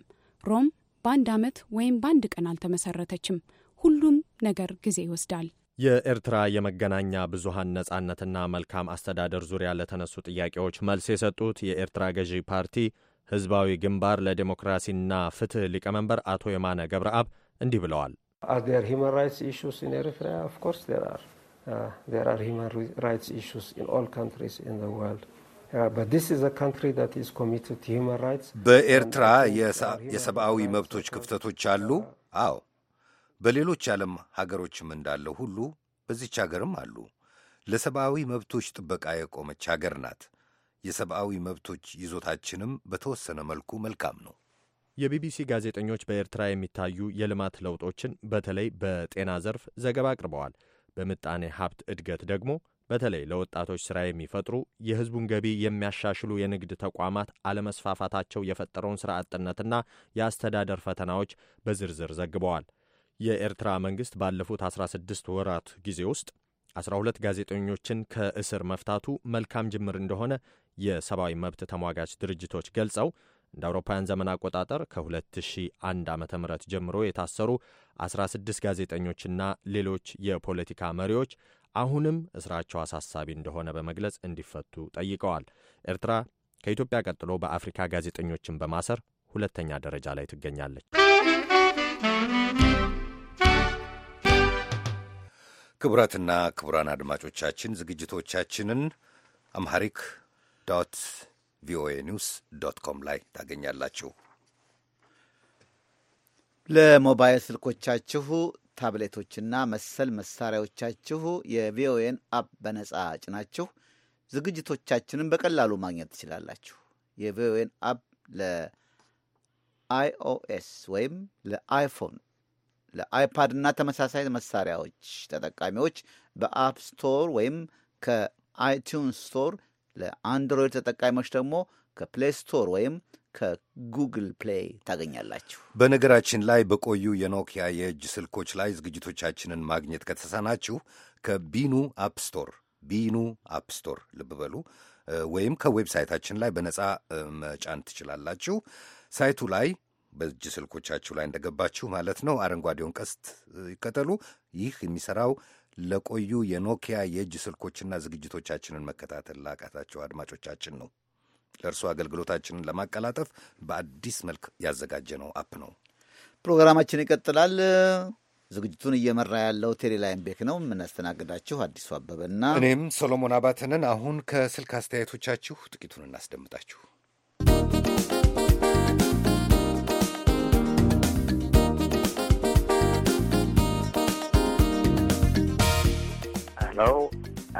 ሮም በአንድ ዓመት ወይም በአንድ ቀን አልተመሰረተችም። ሁሉም ነገር ጊዜ ይወስዳል። የኤርትራ የመገናኛ ብዙሃን ነጻነትና መልካም አስተዳደር ዙሪያ ለተነሱ ጥያቄዎች መልስ የሰጡት የኤርትራ ገዢ ፓርቲ ህዝባዊ ግንባር ለዴሞክራሲና ፍትህ ሊቀመንበር አቶ የማነ ገብረአብ እንዲህ ብለዋል። uh, uh, በኤርትራ የሰብአዊ መብቶች ክፍተቶች አሉ። አዎ በሌሎች ዓለም ሀገሮችም እንዳለ ሁሉ በዚች አገርም አሉ። ለሰብአዊ መብቶች ጥበቃ የቆመች አገር ናት። የሰብአዊ መብቶች ይዞታችንም በተወሰነ መልኩ መልካም ነው። የቢቢሲ ጋዜጠኞች በኤርትራ የሚታዩ የልማት ለውጦችን በተለይ በጤና ዘርፍ ዘገባ አቅርበዋል። በምጣኔ ሀብት እድገት ደግሞ በተለይ ለወጣቶች ሥራ የሚፈጥሩ የሕዝቡን ገቢ የሚያሻሽሉ የንግድ ተቋማት አለመስፋፋታቸው የፈጠረውን ሥራ አጥነትና የአስተዳደር ፈተናዎች በዝርዝር ዘግበዋል። የኤርትራ መንግስት ባለፉት 16 ወራት ጊዜ ውስጥ 12 ጋዜጠኞችን ከእስር መፍታቱ መልካም ጅምር እንደሆነ የሰብአዊ መብት ተሟጋች ድርጅቶች ገልጸው እንደ አውሮፓውያን ዘመን አቆጣጠር ከ2001 ዓ ም ጀምሮ የታሰሩ 16 ጋዜጠኞችና ሌሎች የፖለቲካ መሪዎች አሁንም እስራቸው አሳሳቢ እንደሆነ በመግለጽ እንዲፈቱ ጠይቀዋል። ኤርትራ ከኢትዮጵያ ቀጥሎ በአፍሪካ ጋዜጠኞችን በማሰር ሁለተኛ ደረጃ ላይ ትገኛለች። ክቡራትና ክቡራን አድማጮቻችን ዝግጅቶቻችንን አምሐሪክ ዶት ቪኦኤ ኒውስ ዶት ኮም ላይ ታገኛላችሁ። ለሞባይል ስልኮቻችሁ ታብሌቶችና መሰል መሳሪያዎቻችሁ የቪኦኤን አፕ በነጻ ጭናችሁ ዝግጅቶቻችንን በቀላሉ ማግኘት ትችላላችሁ። የቪኦኤን አፕ ለአይኦኤስ ወይም ለአይፎን ለአይፓድና ተመሳሳይ መሳሪያዎች ተጠቃሚዎች በአፕ ስቶር ወይም ከአይቱንስ ስቶር፣ ለአንድሮይድ ተጠቃሚዎች ደግሞ ከፕሌይ ስቶር ወይም ከጉግል ፕሌይ ታገኛላችሁ። በነገራችን ላይ በቆዩ የኖኪያ የእጅ ስልኮች ላይ ዝግጅቶቻችንን ማግኘት ከተሳናችሁ ከቢኑ አፕ ስቶር ቢኑ አፕ ስቶር ልብ በሉ ወይም ከዌብሳይታችን ላይ በነጻ መጫን ትችላላችሁ። ሳይቱ ላይ በእጅ ስልኮቻችሁ ላይ እንደገባችሁ ማለት ነው። አረንጓዴውን ቀስት ይከተሉ። ይህ የሚሰራው ለቆዩ የኖኪያ የእጅ ስልኮችና ዝግጅቶቻችንን መከታተል ላቃታቸው አድማጮቻችን ነው። ለእርሱ አገልግሎታችንን ለማቀላጠፍ በአዲስ መልክ ያዘጋጀ ነው አፕ ነው። ፕሮግራማችን ይቀጥላል። ዝግጅቱን እየመራ ያለው ቴሌላይም ቤክ ነው። የምናስተናግዳችሁ አዲሱ አበበና እኔም ሶሎሞን አባተንን። አሁን ከስልክ አስተያየቶቻችሁ ጥቂቱን እናስደምጣችሁ።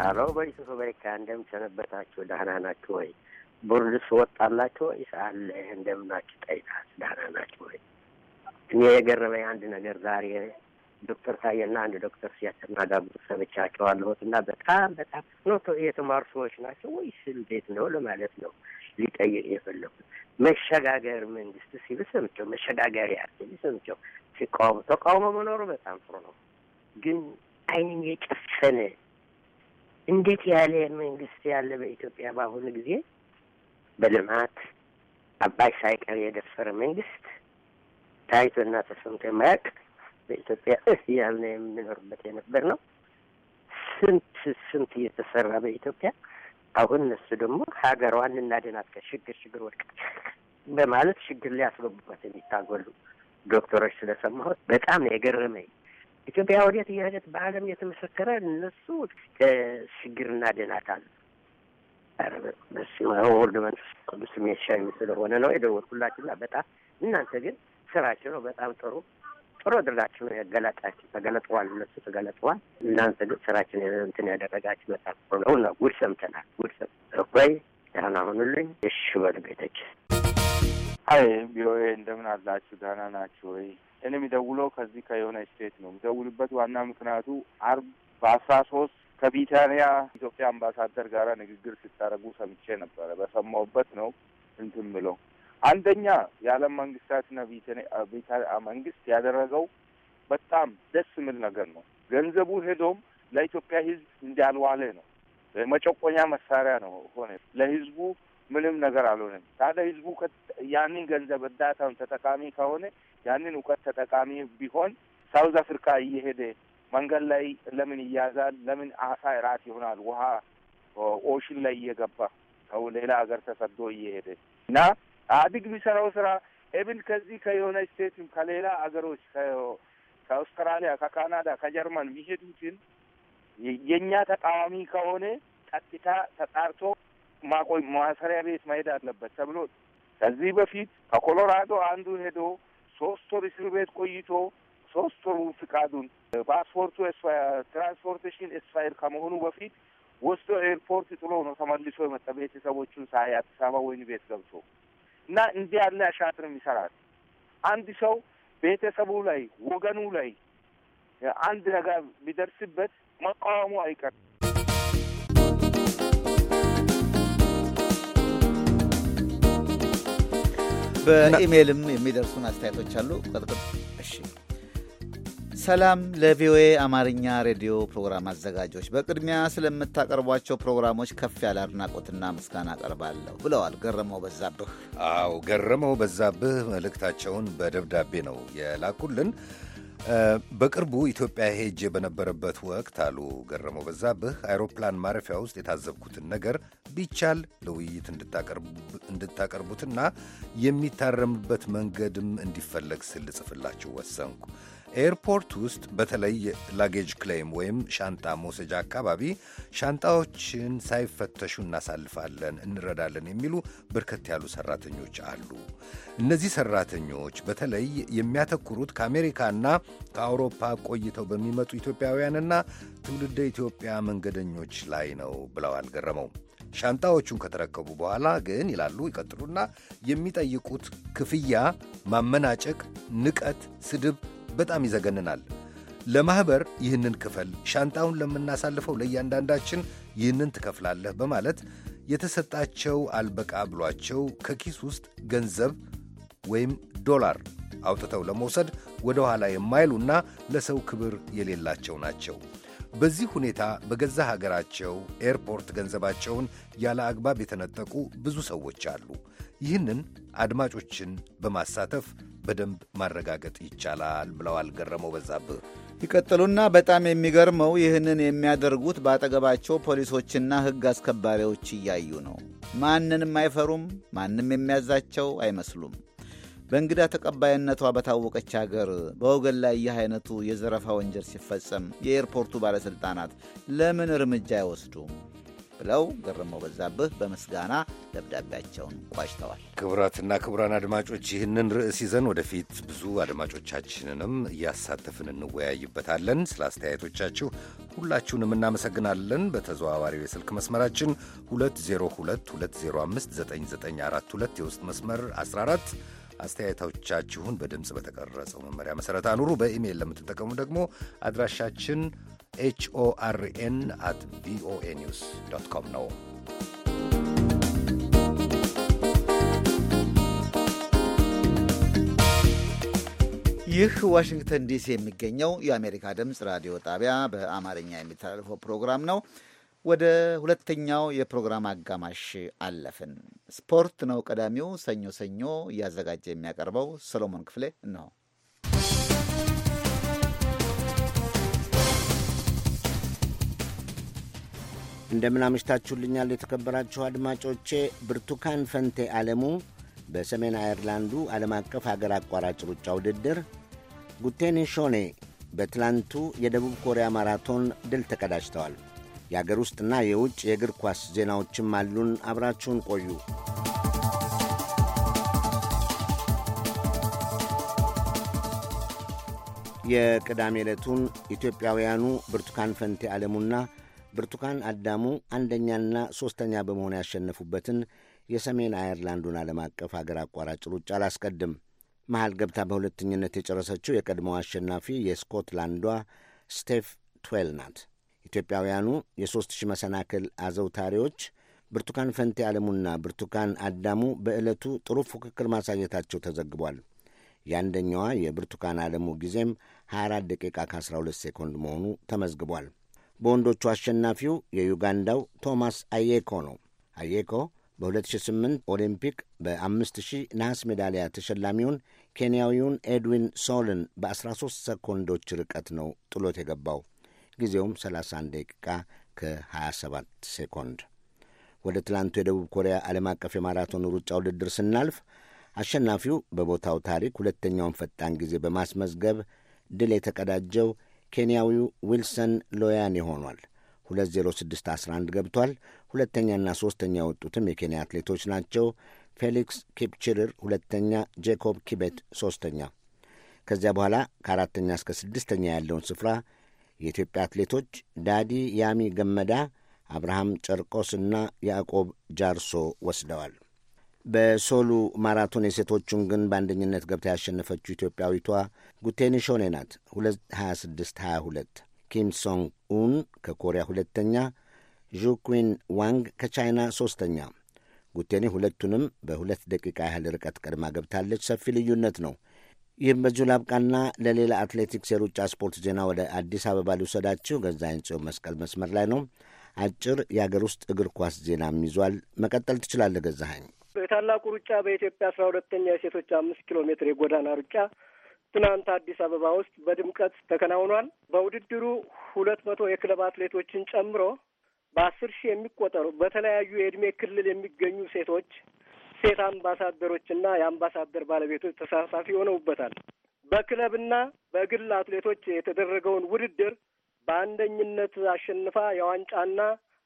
አሎ በኢሱስ አሜሪካ እንደምሰነበታችሁ? ደህና ናችሁ ወይ? ቡርድስ ወጣላችሁ ወይስ አለ? እንደምናችሁ ጠይቃት። ደህና ናችሁ ወይ? እኔ የገረመኝ አንድ ነገር ዛሬ ዶክተር ታየና አንድ ዶክተር ሲያስተናጋግሩ ሰምቻቸዋለሁት እና በጣም በጣም ኖቶ የተማሩ ሰዎች ናቸው ወይስ እንዴት ነው ለማለት ነው ሊጠይቅ የፈለጉት። መሸጋገር መንግስት ሲሉ ሰምቸው፣ መሸጋገሪያ ሲሉ ሰምቸው። ሲቃውሙ ተቃውሞ መኖሩ በጣም ጥሩ ነው፣ ግን አይንን የጨፈነ እንዴት ያለ መንግስት ያለ በኢትዮጵያ በአሁኑ ጊዜ በልማት አባይ ሳይቀር የደፈረ መንግስት ታይቶ እና ተሰምቶ የማያውቅ በኢትዮጵያ እህ ያልነ የምንኖርበት የነበር ነው። ስንት ስንት እየተሰራ በኢትዮጵያ አሁን እነሱ ደግሞ ሀገሯን እናድናት ከችግር ችግር ወድቃች በማለት ችግር ሊያስገቡበት የሚታገሉ ዶክተሮች ስለሰማሁት በጣም የገረመኝ። ኢትዮጵያ ወዴት እየሄደት በዓለም የተመሰከረ እነሱ ችግርና ድህነት አለ። ወልድ መንፈስ ቅዱስ የሚያሻዩ ስለሆነ ነው የደወልኩላችሁና በጣም እናንተ ግን ስራችሁ ነው በጣም ጥሩ ጥሩ ድላችሁ ነው ያገላጣችሁ። ተገለጠዋል፣ እነሱ ተገለጠዋል። እናንተ ግን ስራችን እንትን ያደረጋችሁ በጣም ጥሩ ነው እና ጉድ ሰምተናል። ጉድ ሰምተ እኮይ ደህና ሁኑልኝ። እሺ በል ቤተች አይ ቢሆይ እንደምን አላችሁ? ደህና ናችሁ ወይ? እኔ የሚደውለው ከዚህ ከየሆነ ስቴት ነው። የሚደውልበት ዋና ምክንያቱ አርብ በአስራ ሶስት ከብሪታንያ ኢትዮጵያ አምባሳደር ጋር ንግግር ሲታረጉ ሰምቼ ነበረ። በሰማሁበት ነው እንትን ብለው አንደኛ የዓለም መንግስታትና ብሪታንያ መንግስት ያደረገው በጣም ደስ የሚል ነገር ነው። ገንዘቡ ሄዶም ለኢትዮጵያ ሕዝብ እንዲያልዋለ ነው። መጨቆኛ መሳሪያ ነው ሆነ። ለሕዝቡ ምንም ነገር አልሆነም። ታዲያ ሕዝቡ ያንን ገንዘብ እርዳታውን ተጠቃሚ ከሆነ ያንን እውቀት ተጠቃሚ ቢሆን ሳውዝ አፍሪካ እየሄደ መንገድ ላይ ለምን እያዛል? ለምን አሳ እራት ይሆናል? ውሃ ኦሽን ላይ እየገባ ሰው ሌላ ሀገር ተሰዶ እየሄደ እና አድግ ቢሰራው ስራ ኤብን ከዚህ ከዩናይት ስቴትም ከሌላ ሀገሮች ከአውስትራሊያ፣ ከካናዳ፣ ከጀርመን ቢሄዱትን የእኛ ተቃዋሚ ከሆነ ቀጥታ ተጣርቶ ማቆይ ማሰሪያ ቤት መሄድ አለበት ተብሎ ከዚህ በፊት ከኮሎራዶ አንዱ ሄዶ ሶስት ወር እስር ቤት ቆይቶ ሶስት ወሩ ፍቃዱን ፓስፖርቱ ትራንስፖርቴሽን ኤክስፓየር ከመሆኑ በፊት ወስዶ ኤርፖርት ጥሎ ነው ተመልሶ የመጣ ቤተሰቦቹን ሳይ አዲስ አበባ ወይን ቤት ገብቶ እና እንዲህ ያለ አሻጥርም ይሰራል። አንድ ሰው ቤተሰቡ ላይ ወገኑ ላይ አንድ ነገር ቢደርስበት መቃወሙ አይቀርም። በኢሜይልም የሚደርሱን አስተያየቶች አሉ። እሺ። ሰላም ለቪኦኤ አማርኛ ሬዲዮ ፕሮግራም አዘጋጆች፣ በቅድሚያ ስለምታቀርቧቸው ፕሮግራሞች ከፍ ያለ አድናቆትና ምስጋና አቀርባለሁ ብለዋል ገረመው በዛብህ። አዎ ገረመው በዛብህ መልእክታቸውን በደብዳቤ ነው የላኩልን። በቅርቡ ኢትዮጵያ ሄጄ በነበረበት ወቅት አሉ ገረመው በዛብህ፣ አይሮፕላን ማረፊያ ውስጥ የታዘብኩትን ነገር ቢቻል ለውይይት እንድታቀርቡትና የሚታረምበት መንገድም እንዲፈለግ ስል ጽፍላችሁ ወሰንኩ። ኤርፖርት ውስጥ በተለይ ላጌጅ ክሌም ወይም ሻንጣ መውሰጃ አካባቢ ሻንጣዎችን ሳይፈተሹ እናሳልፋለን፣ እንረዳለን የሚሉ በርከት ያሉ ሰራተኞች አሉ። እነዚህ ሰራተኞች በተለይ የሚያተኩሩት ከአሜሪካና ከአውሮፓ ቆይተው በሚመጡ ኢትዮጵያውያንና ትውልደ ኢትዮጵያ መንገደኞች ላይ ነው ብለው ገረመው። ሻንጣዎቹን ከተረከቡ በኋላ ግን ይላሉ ይቀጥሉና የሚጠይቁት ክፍያ ማመናጨቅ፣ ንቀት፣ ስድብ በጣም ይዘገንናል። ለማኅበር ይህንን ክፈል፣ ሻንጣውን ለምናሳልፈው ለእያንዳንዳችን ይህንን ትከፍላለህ በማለት የተሰጣቸው አልበቃ ብሏቸው ከኪስ ውስጥ ገንዘብ ወይም ዶላር አውጥተው ለመውሰድ ወደ ኋላ የማይሉና ለሰው ክብር የሌላቸው ናቸው። በዚህ ሁኔታ በገዛ ሀገራቸው ኤርፖርት ገንዘባቸውን ያለ አግባብ የተነጠቁ ብዙ ሰዎች አሉ። ይህንን አድማጮችን በማሳተፍ በደንብ ማረጋገጥ ይቻላል ብለዋል ገረመው በዛብህ። ይቀጥሉና በጣም የሚገርመው ይህንን የሚያደርጉት በአጠገባቸው ፖሊሶችና ሕግ አስከባሪዎች እያዩ ነው። ማንንም አይፈሩም። ማንም የሚያዛቸው አይመስሉም። በእንግዳ ተቀባይነቷ በታወቀች ሀገር በወገን ላይ ይህ አይነቱ የዘረፋ ወንጀል ሲፈጸም የኤርፖርቱ ባለሥልጣናት ለምን እርምጃ አይወስዱም ብለው ገረመው በዛብህ በምስጋና ደብዳቤያቸውን ቋጭተዋል። ክቡራትና ክቡራን አድማጮች ይህንን ርዕስ ይዘን ወደፊት ብዙ አድማጮቻችንንም እያሳተፍን እንወያይበታለን። ስለ አስተያየቶቻችሁ ሁላችሁንም እናመሰግናለን። በተዘዋዋሪው የስልክ መስመራችን 2022059942 የውስጥ መስመር 14 አስተያየቶቻችሁን በድምፅ በተቀረጸው መመሪያ መሰረት አኑሩ። በኢሜይል ለምትጠቀሙ ደግሞ አድራሻችን ኤችኦአርኤን አት ቪኦኤ ኒውስ ዶት ኮም ነው። ይህ ዋሽንግተን ዲሲ የሚገኘው የአሜሪካ ድምፅ ራዲዮ ጣቢያ በአማርኛ የሚተላለፈው ፕሮግራም ነው። ወደ ሁለተኛው የፕሮግራም አጋማሽ አለፍን። ስፖርት ነው ቀዳሚው። ሰኞ ሰኞ እያዘጋጀ የሚያቀርበው ሰሎሞን ክፍሌ ነው። እንደምን አምሽታችሁልኛል የተከበራችሁ አድማጮቼ። ብርቱካን ፈንቴ ዓለሙ በሰሜን አየርላንዱ ዓለም አቀፍ አገር አቋራጭ ሩጫ ውድድር ጉቴኒ ሾኔ በትላንቱ የደቡብ ኮሪያ ማራቶን ድል ተቀዳጅተዋል። የአገር ውስጥና የውጭ የእግር ኳስ ዜናዎችም አሉን። አብራችሁን ቆዩ። የቅዳሜ ዕለቱን ኢትዮጵያውያኑ ብርቱካን ፈንቴ ዓለሙና ብርቱካን አዳሙ አንደኛና ሦስተኛ በመሆን ያሸነፉበትን የሰሜን አየርላንዱን ዓለም አቀፍ አገር አቋራጭ ሩጫ አላስቀድም። መሃል ገብታ በሁለተኝነት የጨረሰችው የቀድሞው አሸናፊ የስኮትላንዷ ስቴፍ ትዌል ናት። ኢትዮጵያውያኑ የሦስት ሺህ መሰናክል አዘውታሪዎች ብርቱካን ፈንቴ ዓለሙና ብርቱካን አዳሙ በዕለቱ ጥሩ ፉክክር ማሳየታቸው ተዘግቧል። የአንደኛዋ የብርቱካን ዓለሙ ጊዜም 24 ደቂቃ ከ12 ሴኮንድ መሆኑ ተመዝግቧል። በወንዶቹ አሸናፊው የዩጋንዳው ቶማስ አየኮ ነው። አየኮ በ2008 ኦሊምፒክ በ5000 ነሐስ ሜዳሊያ ተሸላሚውን ኬንያዊውን ኤድዊን ሶልን በ13 ሰኮንዶች ርቀት ነው ጥሎት የገባው። ጊዜውም 31 ደቂቃ ከ27 ሴኮንድ። ወደ ትላንቱ የደቡብ ኮሪያ ዓለም አቀፍ የማራቶን ሩጫ ውድድር ስናልፍ አሸናፊው በቦታው ታሪክ ሁለተኛውን ፈጣን ጊዜ በማስመዝገብ ድል የተቀዳጀው ኬንያዊው ዊልሰን ሎያን ሆኗል። 20611 ገብቷል። ሁለተኛና ሦስተኛ የወጡትም የኬንያ አትሌቶች ናቸው። ፌሊክስ ኪፕችርር ሁለተኛ፣ ጄኮብ ኪቤት ሦስተኛ። ከዚያ በኋላ ከአራተኛ እስከ ስድስተኛ ያለውን ስፍራ የኢትዮጵያ አትሌቶች ዳዲ ያሚ ገመዳ፣ አብርሃም ጨርቆስ እና ያዕቆብ ጃርሶ ወስደዋል። በሶሉ ማራቶን የሴቶቹን ግን በአንደኝነት ገብታ ያሸነፈችው ኢትዮጵያዊቷ ጉቴኒ ሾኔ ናት። 2፡26፡22 ኪም ሶንግ ኡን ከኮሪያ ሁለተኛ፣ ዡኩዊን ዋንግ ከቻይና ሦስተኛ። ጉቴኒ ሁለቱንም በሁለት ደቂቃ ያህል ርቀት ቀድማ ገብታለች። ሰፊ ልዩነት ነው። ይህም በዚሁ ላብቃና ለሌላ አትሌቲክስ የሩጫ ስፖርት ዜና ወደ አዲስ አበባ ሊውሰዳችሁ ገዛኸኝ ጽዮን መስቀል መስመር ላይ ነው። አጭር የአገር ውስጥ እግር ኳስ ዜናም ይዟል። መቀጠል ትችላለህ ገዛኸኝ። የታላቁ ሩጫ በኢትዮጵያ አስራ ሁለተኛ የሴቶች አምስት ኪሎ ሜትር የጎዳና ሩጫ ትናንት አዲስ አበባ ውስጥ በድምቀት ተከናውኗል። በውድድሩ ሁለት መቶ የክለብ አትሌቶችን ጨምሮ በአስር ሺህ የሚቆጠሩ በተለያዩ የእድሜ ክልል የሚገኙ ሴቶች ሴት አምባሳደሮችና የአምባሳደር ባለቤቶች ተሳታፊ ሆነውበታል። በክለብና በግል አትሌቶች የተደረገውን ውድድር በአንደኝነት አሸንፋ የዋንጫና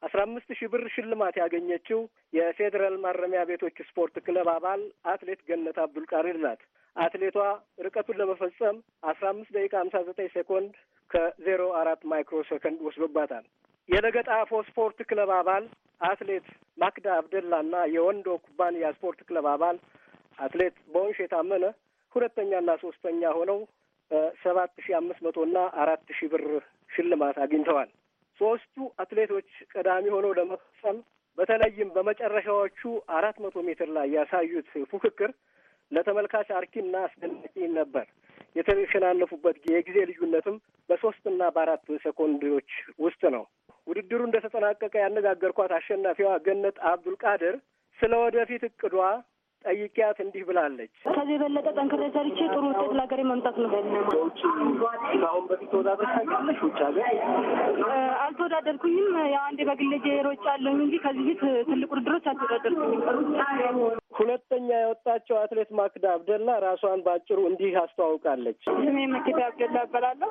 አስራ አምስት ሺህ ብር ሽልማት ያገኘችው የፌዴራል ማረሚያ ቤቶች ስፖርት ክለብ አባል አትሌት ገነት አብዱልቃሪር ናት። አትሌቷ ርቀቱን ለመፈጸም አስራ አምስት ደቂቃ ሀምሳ ዘጠኝ ሴኮንድ ከዜሮ አራት ማይክሮ ሴኮንድ ወስዶባታል። የለገጣፎ ስፖርት ክለብ አባል አትሌት ማክዳ አብደላ የወንዶ ኩባንያ ስፖርት ክለብ አባል አትሌት በወንሽ የታመነ ሁለተኛና ሶስተኛ ሆነው ሰባት ሺ አምስት መቶና አራት ሺ ብር ሽልማት አግኝተዋል። ሶስቱ አትሌቶች ቀዳሚ ሆነው ለመፈጸም በተለይም በመጨረሻዎቹ አራት መቶ ሜትር ላይ ያሳዩት ፉክክር ለተመልካች አርኪና አስደናቂ ነበር። የተሸናነፉበት የጊዜ ልዩነትም በሶስትና በአራት ሴኮንዶች ውስጥ ነው። ውድድሩ እንደተጠናቀቀ ያነጋገርኳት አሸናፊዋ ገነት አብዱልቃድር ስለ ወደፊት እቅዷ ጠይቂያት እንዲህ ብላለች። ከዚህ የበለጠ ጠንክሬ ሰርቼ ጥሩ ውጤት ለሀገሬ መምጣት ነው። ውጭ ከአሁን በፊት ተወዳደር ታውቂያለሽ? ውጭ ሀገር አልተወዳደርኩኝም። ያው አንዴ በግሌ ሮጬ እንጂ ከዚህ ፊት ትልቅ ውድድሮች አልተወዳደርኩኝም። ሁለተኛ የወጣቸው አትሌት ማክዳ አብደላ ራሷን በአጭሩ እንዲህ አስተዋውቃለች። ስሜ መክዳ አብደላ እባላለሁ።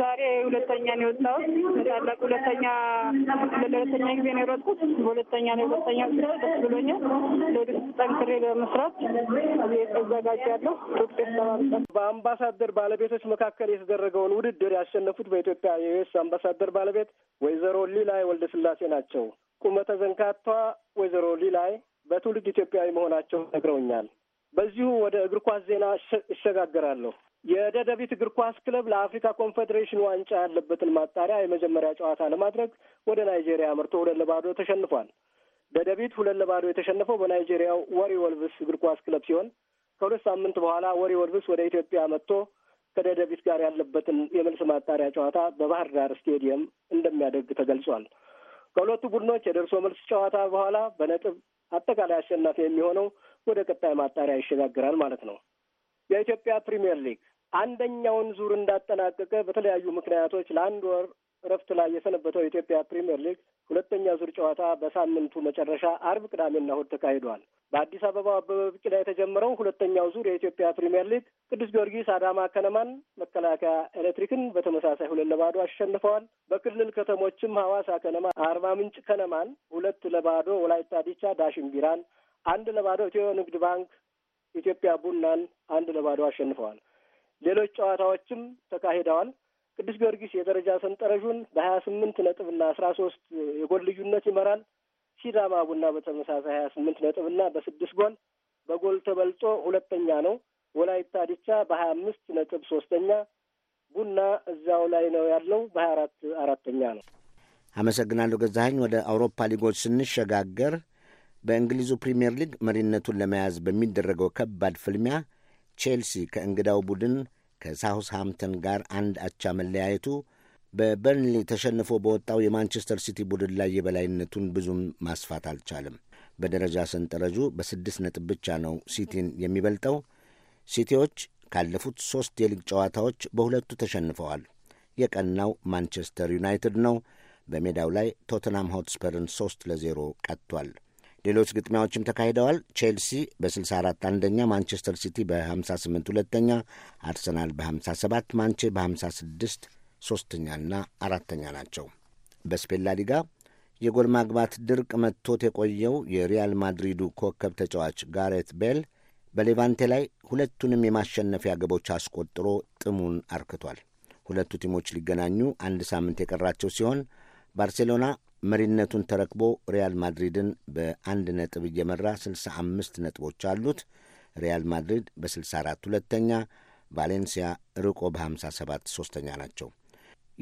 ዛሬ ሁለተኛ ነው የወጣሁት። ታላቅ ሁለተኛ ለሁለተኛ ጊዜ ነው የሮጥኩት። በሁለተኛ ነው የወጣኛ ደስ ብሎኛል። ለወደፊት ጠንክሬ ለመስራት እዘጋጃለሁ። በአምባሳደር ባለቤቶች መካከል የተደረገውን ውድድር ያሸነፉት በኢትዮጵያ የዩኤስ አምባሳደር ባለቤት ወይዘሮ ሊላይ ወልደስላሴ ናቸው። ቁመተ ዘንካቷ ወይዘሮ ሊላይ በትውልድ ኢትዮጵያዊ መሆናቸው ነግረውኛል። በዚሁ ወደ እግር ኳስ ዜና ይሸጋገራለሁ የደደቢት እግር ኳስ ክለብ ለአፍሪካ ኮንፌዴሬሽን ዋንጫ ያለበትን ማጣሪያ የመጀመሪያ ጨዋታ ለማድረግ ወደ ናይጄሪያ አምርቶ ሁለት ለባዶ ተሸንፏል። ደደቢት ሁለት ለባዶ የተሸነፈው በናይጄሪያው ወሪ ወልቭስ እግር ኳስ ክለብ ሲሆን ከሁለት ሳምንት በኋላ ወሪ ወልቭስ ወደ ኢትዮጵያ መጥቶ ከደደቢት ጋር ያለበትን የመልስ ማጣሪያ ጨዋታ በባህር ዳር ስቴዲየም እንደሚያደርግ ተገልጿል። ከሁለቱ ቡድኖች የደርሶ መልስ ጨዋታ በኋላ በነጥብ አጠቃላይ አሸናፊ የሚሆነው ወደ ቀጣይ ማጣሪያ ይሸጋግራል ማለት ነው። የኢትዮጵያ ፕሪምየር ሊግ አንደኛውን ዙር እንዳጠናቀቀ በተለያዩ ምክንያቶች ለአንድ ወር እረፍት ላይ የሰነበተው የኢትዮጵያ ፕሪምየር ሊግ ሁለተኛ ዙር ጨዋታ በሳምንቱ መጨረሻ አርብ፣ ቅዳሜና እሁድ ተካሂዷል። በአዲስ አበባው አበበ ቢቂላ የተጀመረው ሁለተኛው ዙር የኢትዮጵያ ፕሪምየር ሊግ ቅዱስ ጊዮርጊስ አዳማ ከነማን፣ መከላከያ ኤሌክትሪክን በተመሳሳይ ሁለት ለባዶ አሸንፈዋል። በክልል ከተሞችም ሐዋሳ ከነማ አርባ ምንጭ ከነማን ሁለት ለባዶ፣ ወላይታ ዲቻ ዳሽን ቢራን አንድ ለባዶ፣ ኢትዮ ንግድ ባንክ ኢትዮጵያ ቡናን አንድ ለባዶ አሸንፈዋል። ሌሎች ጨዋታዎችም ተካሂደዋል። ቅዱስ ጊዮርጊስ የደረጃ ሰንጠረዡን በሀያ ስምንት ነጥብና አስራ ሶስት የጎል ልዩነት ይመራል። ሲዳማ ቡና በተመሳሳይ ሀያ ስምንት ና በስድስት ጎል በጎል ተበልጦ ሁለተኛ ነው። ወላይታ ዲቻ በሀያ አምስት ነጥብ ሶስተኛ፣ ቡና እዛው ላይ ነው ያለው በሀያ አራት አራተኛ ነው። አመሰግናለሁ ገዛኸኝ። ወደ አውሮፓ ሊጎች ስንሸጋገር በእንግሊዙ ፕሪምየር ሊግ መሪነቱን ለመያዝ በሚደረገው ከባድ ፍልሚያ ቼልሲ ከእንግዳው ቡድን ከሳውስ ሃምተን ጋር አንድ አቻ መለያየቱ በበርንሊ ተሸንፎ በወጣው የማንቸስተር ሲቲ ቡድን ላይ የበላይነቱን ብዙም ማስፋት አልቻለም። በደረጃ ሰንጠረዡ በስድስት ነጥብ ብቻ ነው ሲቲን የሚበልጠው። ሲቲዎች ካለፉት ሦስት የሊግ ጨዋታዎች በሁለቱ ተሸንፈዋል። የቀናው ማንቸስተር ዩናይትድ ነው። በሜዳው ላይ ቶተንሃም ሆትስፐርን ሦስት ለዜሮ ቀጥቷል። ሌሎች ግጥሚያዎችም ተካሂደዋል። ቼልሲ በ64 አንደኛ፣ ማንቸስተር ሲቲ በ58 ሁለተኛ፣ አርሰናል በ57 ማንቼ በ56 ሦስተኛና አራተኛ ናቸው። በስፔን ላሊጋ የጎል ማግባት ድርቅ መጥቶት የቆየው የሪያል ማድሪዱ ኮከብ ተጫዋች ጋሬት ቤል በሌቫንቴ ላይ ሁለቱንም የማሸነፊያ ግቦች አስቆጥሮ ጥሙን አርክቷል። ሁለቱ ቲሞች ሊገናኙ አንድ ሳምንት የቀራቸው ሲሆን ባርሴሎና መሪነቱን ተረክቦ ሪያል ማድሪድን በአንድ ነጥብ እየመራ 65 ነጥቦች አሉት። ሪያል ማድሪድ በ64 ሁለተኛ፣ ቫሌንሲያ ርቆ በ57 ሦስተኛ ናቸው።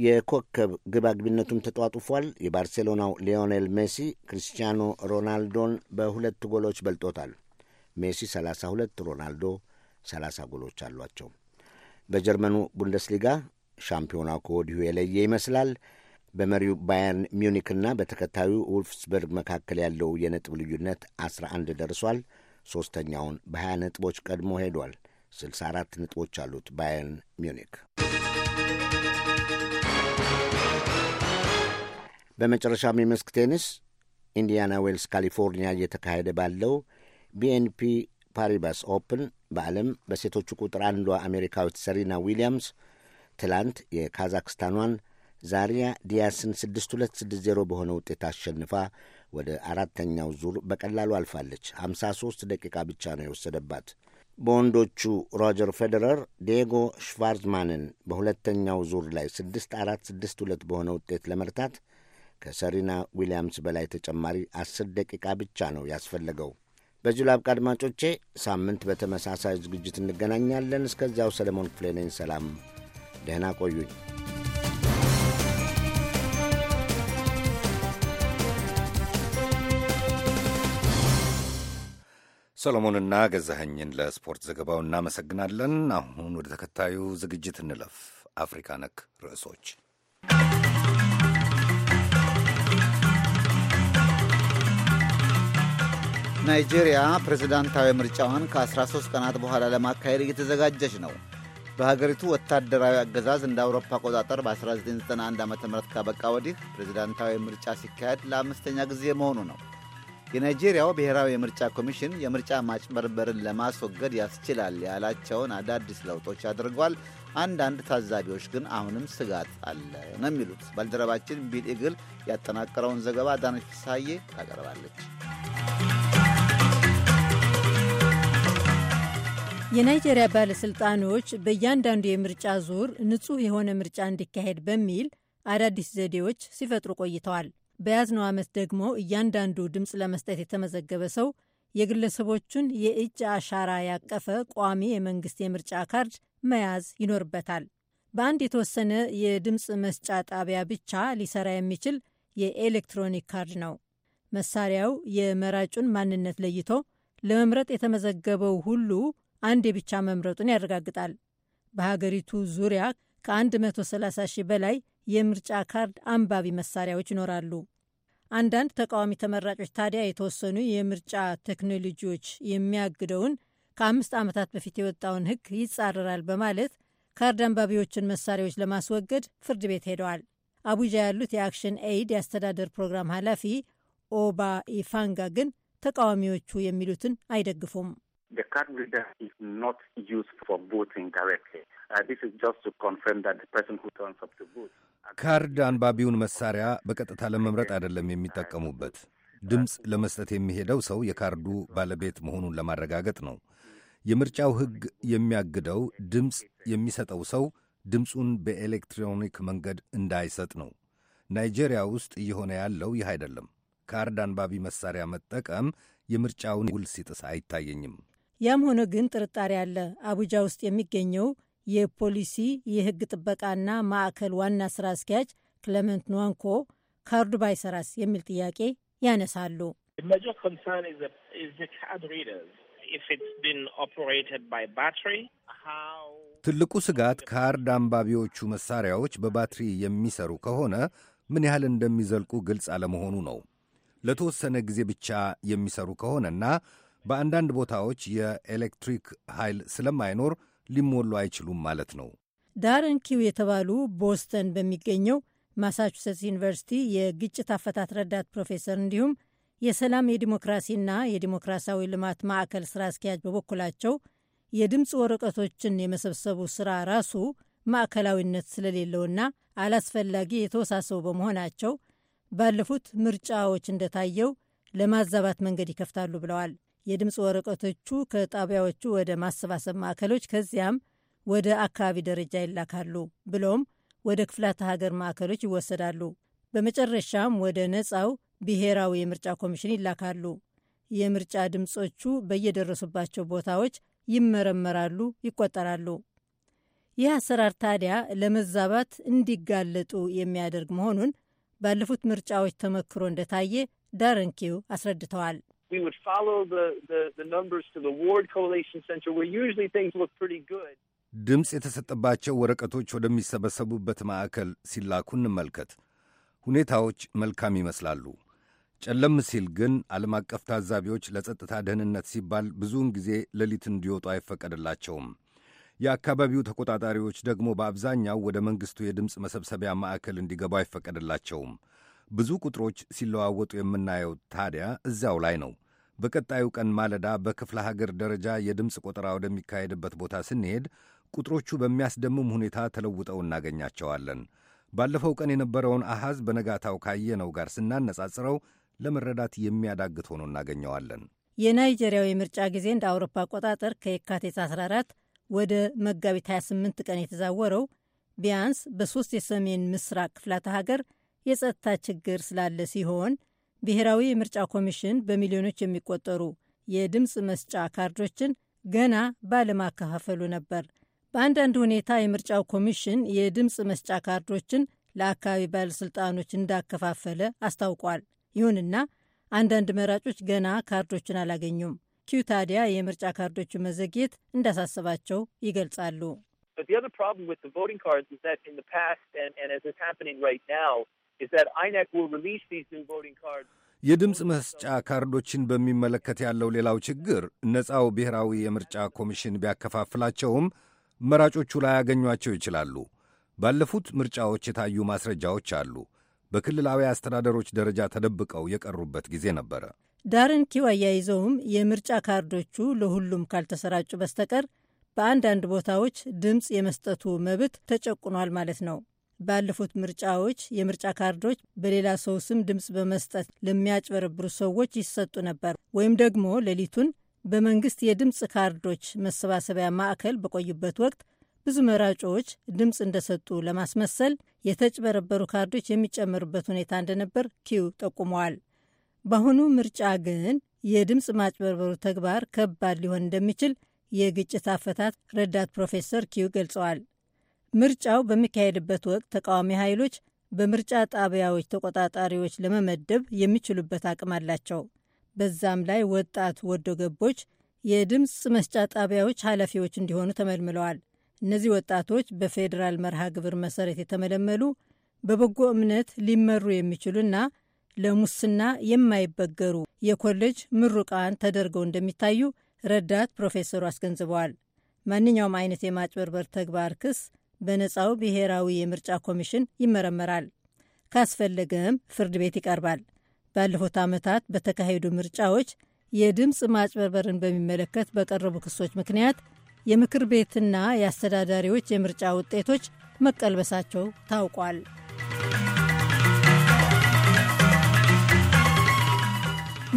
የኮከብ ግብ አግቢነቱም ተጧጡፏል። የባርሴሎናው ሊዮኔል ሜሲ ክሪስቲያኖ ሮናልዶን በሁለት ጎሎች በልጦታል። ሜሲ 32 ሮናልዶ 30 ጎሎች አሏቸው። በጀርመኑ ቡንደስሊጋ ሻምፒዮናው ከወዲሁ የለየ ይመስላል። በመሪው ባየርን ሚዩኒክና በተከታዩ ውልፍስበርግ መካከል ያለው የነጥብ ልዩነት 11 ደርሷል። ሦስተኛውን በ20 ነጥቦች ቀድሞ ሄዷል። 64 ነጥቦች አሉት ባየርን ሚዩኒክ። በመጨረሻም የመስክ ቴኒስ ኢንዲያና ዌልስ፣ ካሊፎርኒያ እየተካሄደ ባለው ቢኤንፒ ፓሪባስ ኦፕን በዓለም በሴቶቹ ቁጥር አንዷ አሜሪካዊት ሰሪና ዊሊያምስ ትላንት የካዛክስታኗን ዛሪያ ዲያስን 6260 በሆነ ውጤት አሸንፋ ወደ አራተኛው ዙር በቀላሉ አልፋለች። 53 ደቂቃ ብቻ ነው የወሰደባት። በወንዶቹ ሮጀር ፌዴረር ዲየጎ ሽቫርዝማንን በሁለተኛው ዙር ላይ 6462 በሆነ ውጤት ለመርታት ከሰሪና ዊሊያምስ በላይ ተጨማሪ አስር ደቂቃ ብቻ ነው ያስፈለገው። በዚሁ ላብቃ አድማጮቼ። ሳምንት በተመሳሳይ ዝግጅት እንገናኛለን። እስከዚያው ሰለሞን ክፍሌ ነኝ። ሰላም፣ ደህና ቆዩኝ። ሰሎሞንና ገዛኸኝን ለስፖርት ዘገባው እናመሰግናለን። አሁን ወደ ተከታዩ ዝግጅት እንለፍ። አፍሪካ ነክ ርዕሶች ናይጄሪያ ፕሬዝዳንታዊ ምርጫዋን ከ13 ቀናት በኋላ ለማካሄድ እየተዘጋጀች ነው። በሀገሪቱ ወታደራዊ አገዛዝ እንደ አውሮፓ አቆጣጠር በ1991 ዓ ም ካበቃ ወዲህ ፕሬዝዳንታዊ ምርጫ ሲካሄድ ለአምስተኛ ጊዜ መሆኑ ነው። የናይጄሪያው ብሔራዊ የምርጫ ኮሚሽን የምርጫ ማጭበርበርን ለማስወገድ ያስችላል ያላቸውን አዳዲስ ለውጦች አድርጓል። አንዳንድ ታዛቢዎች ግን አሁንም ስጋት አለ ነው የሚሉት። ባልደረባችን ቢል ኢግል ያጠናቀረውን ዘገባ ዳነች ፍሳዬ ታቀርባለች። የናይጄሪያ ባለሥልጣኖች በእያንዳንዱ የምርጫ ዙር ንጹሕ የሆነ ምርጫ እንዲካሄድ በሚል አዳዲስ ዘዴዎች ሲፈጥሩ ቆይተዋል። በያዝነው ዓመት ደግሞ እያንዳንዱ ድምፅ ለመስጠት የተመዘገበ ሰው የግለሰቦቹን የእጅ አሻራ ያቀፈ ቋሚ የመንግሥት የምርጫ ካርድ መያዝ ይኖርበታል። በአንድ የተወሰነ የድምፅ መስጫ ጣቢያ ብቻ ሊሰራ የሚችል የኤሌክትሮኒክ ካርድ ነው። መሳሪያው የመራጩን ማንነት ለይቶ ለመምረጥ የተመዘገበው ሁሉ አንድ ብቻ መምረጡን ያረጋግጣል። በሀገሪቱ ዙሪያ ከ130 ሺህ በላይ የምርጫ ካርድ አንባቢ መሳሪያዎች ይኖራሉ። አንዳንድ ተቃዋሚ ተመራጮች ታዲያ የተወሰኑ የምርጫ ቴክኖሎጂዎች የሚያግደውን ከአምስት ዓመታት በፊት የወጣውን ሕግ ይጻረራል በማለት ካርድ አንባቢዎችን መሳሪያዎች ለማስወገድ ፍርድ ቤት ሄደዋል። አቡጃ ያሉት የአክሽን ኤይድ የአስተዳደር ፕሮግራም ኃላፊ ኦባ ኢፋንጋ ግን ተቃዋሚዎቹ የሚሉትን አይደግፉም። The card reader is not used for voting directly. Uh, this is just to confirm that the person who turns up to vote. ካርድ አንባቢውን መሳሪያ በቀጥታ ለመምረጥ አይደለም የሚጠቀሙበት። uh, ድምፅ ለመስጠት የሚሄደው ሰው የካርዱ ባለቤት መሆኑን ለማረጋገጥ ነው። የምርጫው ሕግ የሚያግደው ድምፅ የሚሰጠው ሰው ድምፁን በኤሌክትሮኒክ መንገድ እንዳይሰጥ ነው። ናይጄሪያ ውስጥ እየሆነ ያለው ይህ አይደለም። ካርድ አንባቢ መሳሪያ መጠቀም የምርጫውን ውል ሲጥስ አይታየኝም። ያም ሆነ ግን ጥርጣሬ አለ። አቡጃ ውስጥ የሚገኘው የፖሊሲ የህግ ጥበቃና ማዕከል ዋና ስራ አስኪያጅ ክለመንት ንዋንኮ ካርዱ ባይሰራስ የሚል ጥያቄ ያነሳሉ። ትልቁ ስጋት ካርድ አንባቢዎቹ መሳሪያዎች በባትሪ የሚሰሩ ከሆነ ምን ያህል እንደሚዘልቁ ግልጽ አለመሆኑ ነው። ለተወሰነ ጊዜ ብቻ የሚሰሩ ከሆነና በአንዳንድ ቦታዎች የኤሌክትሪክ ኃይል ስለማይኖር ሊሞሉ አይችሉም ማለት ነው። ዳረንኪው የተባሉ ቦስተን በሚገኘው ማሳቹሴትስ ዩኒቨርሲቲ የግጭት አፈታት ረዳት ፕሮፌሰር እንዲሁም የሰላም የዲሞክራሲና የዲሞክራሲያዊ ልማት ማዕከል ስራ አስኪያጅ በበኩላቸው የድምፅ ወረቀቶችን የመሰብሰቡ ስራ ራሱ ማዕከላዊነት ስለሌለውና አላስፈላጊ የተወሳሰቡ በመሆናቸው ባለፉት ምርጫዎች እንደታየው ለማዛባት መንገድ ይከፍታሉ ብለዋል። የድምፅ ወረቀቶቹ ከጣቢያዎቹ ወደ ማሰባሰብ ማዕከሎች ከዚያም ወደ አካባቢ ደረጃ ይላካሉ፣ ብሎም ወደ ክፍላተ ሀገር ማዕከሎች ይወሰዳሉ። በመጨረሻም ወደ ነፃው ብሔራዊ የምርጫ ኮሚሽን ይላካሉ። የምርጫ ድምፆቹ በየደረሱባቸው ቦታዎች ይመረመራሉ፣ ይቆጠራሉ። ይህ አሰራር ታዲያ ለመዛባት እንዲጋለጡ የሚያደርግ መሆኑን ባለፉት ምርጫዎች ተመክሮ እንደታየ ዳረንኪው አስረድተዋል። We would follow the, the, the numbers to the Ward Collation Center, where usually things look pretty good. ድምፅ የተሰጠባቸው ወረቀቶች ወደሚሰበሰቡበት ማዕከል ሲላኩ እንመልከት። ሁኔታዎች መልካም ይመስላሉ። ጨለም ሲል ግን ዓለም አቀፍ ታዛቢዎች ለጸጥታ ደህንነት ሲባል ብዙውን ጊዜ ሌሊት እንዲወጡ አይፈቀድላቸውም። የአካባቢው ተቆጣጣሪዎች ደግሞ በአብዛኛው ወደ መንግሥቱ የድምፅ መሰብሰቢያ ማዕከል እንዲገቡ አይፈቀድላቸውም። ብዙ ቁጥሮች ሲለዋወጡ የምናየው ታዲያ እዚያው ላይ ነው። በቀጣዩ ቀን ማለዳ በክፍለ ሀገር ደረጃ የድምፅ ቆጠራ ወደሚካሄድበት ቦታ ስንሄድ ቁጥሮቹ በሚያስደምም ሁኔታ ተለውጠው እናገኛቸዋለን። ባለፈው ቀን የነበረውን አሃዝ በነጋታው ካየነው ጋር ስናነጻጽረው ለመረዳት የሚያዳግት ሆኖ እናገኘዋለን። የናይጄሪያው የምርጫ ጊዜ እንደ አውሮፓ አቆጣጠር ከየካቲት 14 ወደ መጋቢት 28 ቀን የተዛወረው ቢያንስ በሶስት የሰሜን ምስራቅ ክፍላተ ሀገር የጸጥታ ችግር ስላለ ሲሆን ብሔራዊ የምርጫ ኮሚሽን በሚሊዮኖች የሚቆጠሩ የድምፅ መስጫ ካርዶችን ገና ባለማከፋፈሉ ነበር። በአንዳንድ ሁኔታ የምርጫው ኮሚሽን የድምፅ መስጫ ካርዶችን ለአካባቢ ባለሥልጣኖች እንዳከፋፈለ አስታውቋል። ይሁንና አንዳንድ መራጮች ገና ካርዶችን አላገኙም። ኪው ታዲያ የምርጫ ካርዶቹ መዘግየት እንዳሳሰባቸው ይገልጻሉ። E የድምፅ መስጫ ካርዶችን በሚመለከት ያለው ሌላው ችግር ነፃው ብሔራዊ የምርጫ ኮሚሽን ቢያከፋፍላቸውም መራጮቹ ላያገኟቸው ይችላሉ። ባለፉት ምርጫዎች የታዩ ማስረጃዎች አሉ። በክልላዊ አስተዳደሮች ደረጃ ተደብቀው የቀሩበት ጊዜ ነበረ። ዳርን ኪው አያይዘውም የምርጫ ካርዶቹ ለሁሉም ካልተሰራጩ በስተቀር በአንዳንድ ቦታዎች ድምፅ የመስጠቱ መብት ተጨቁኗል ማለት ነው። ባለፉት ምርጫዎች የምርጫ ካርዶች በሌላ ሰው ስም ድምፅ በመስጠት ለሚያጭበረብሩ ሰዎች ይሰጡ ነበር ወይም ደግሞ ሌሊቱን በመንግስት የድምፅ ካርዶች መሰባሰቢያ ማዕከል በቆዩበት ወቅት ብዙ መራጮች ድምፅ እንደሰጡ ለማስመሰል የተጭበረበሩ ካርዶች የሚጨመሩበት ሁኔታ እንደነበር ኪው ጠቁመዋል። በአሁኑ ምርጫ ግን የድምፅ ማጭበርበሩ ተግባር ከባድ ሊሆን እንደሚችል የግጭት አፈታት ረዳት ፕሮፌሰር ኪው ገልጸዋል። ምርጫው በሚካሄድበት ወቅት ተቃዋሚ ኃይሎች በምርጫ ጣቢያዎች ተቆጣጣሪዎች ለመመደብ የሚችሉበት አቅም አላቸው። በዛም ላይ ወጣት ወዶ ገቦች የድምፅ መስጫ ጣቢያዎች ኃላፊዎች እንዲሆኑ ተመልምለዋል። እነዚህ ወጣቶች በፌዴራል መርሃ ግብር መሰረት የተመለመሉ በበጎ እምነት ሊመሩ የሚችሉና ለሙስና የማይበገሩ የኮሌጅ ምሩቃን ተደርገው እንደሚታዩ ረዳት ፕሮፌሰሩ አስገንዝበዋል። ማንኛውም አይነት የማጭበርበር ተግባር ክስ በነፃው ብሔራዊ የምርጫ ኮሚሽን ይመረመራል። ካስፈለገም ፍርድ ቤት ይቀርባል። ባለፉት ዓመታት በተካሄዱ ምርጫዎች የድምፅ ማጭበርበርን በሚመለከት በቀረቡ ክሶች ምክንያት የምክር ቤትና የአስተዳዳሪዎች የምርጫ ውጤቶች መቀልበሳቸው ታውቋል።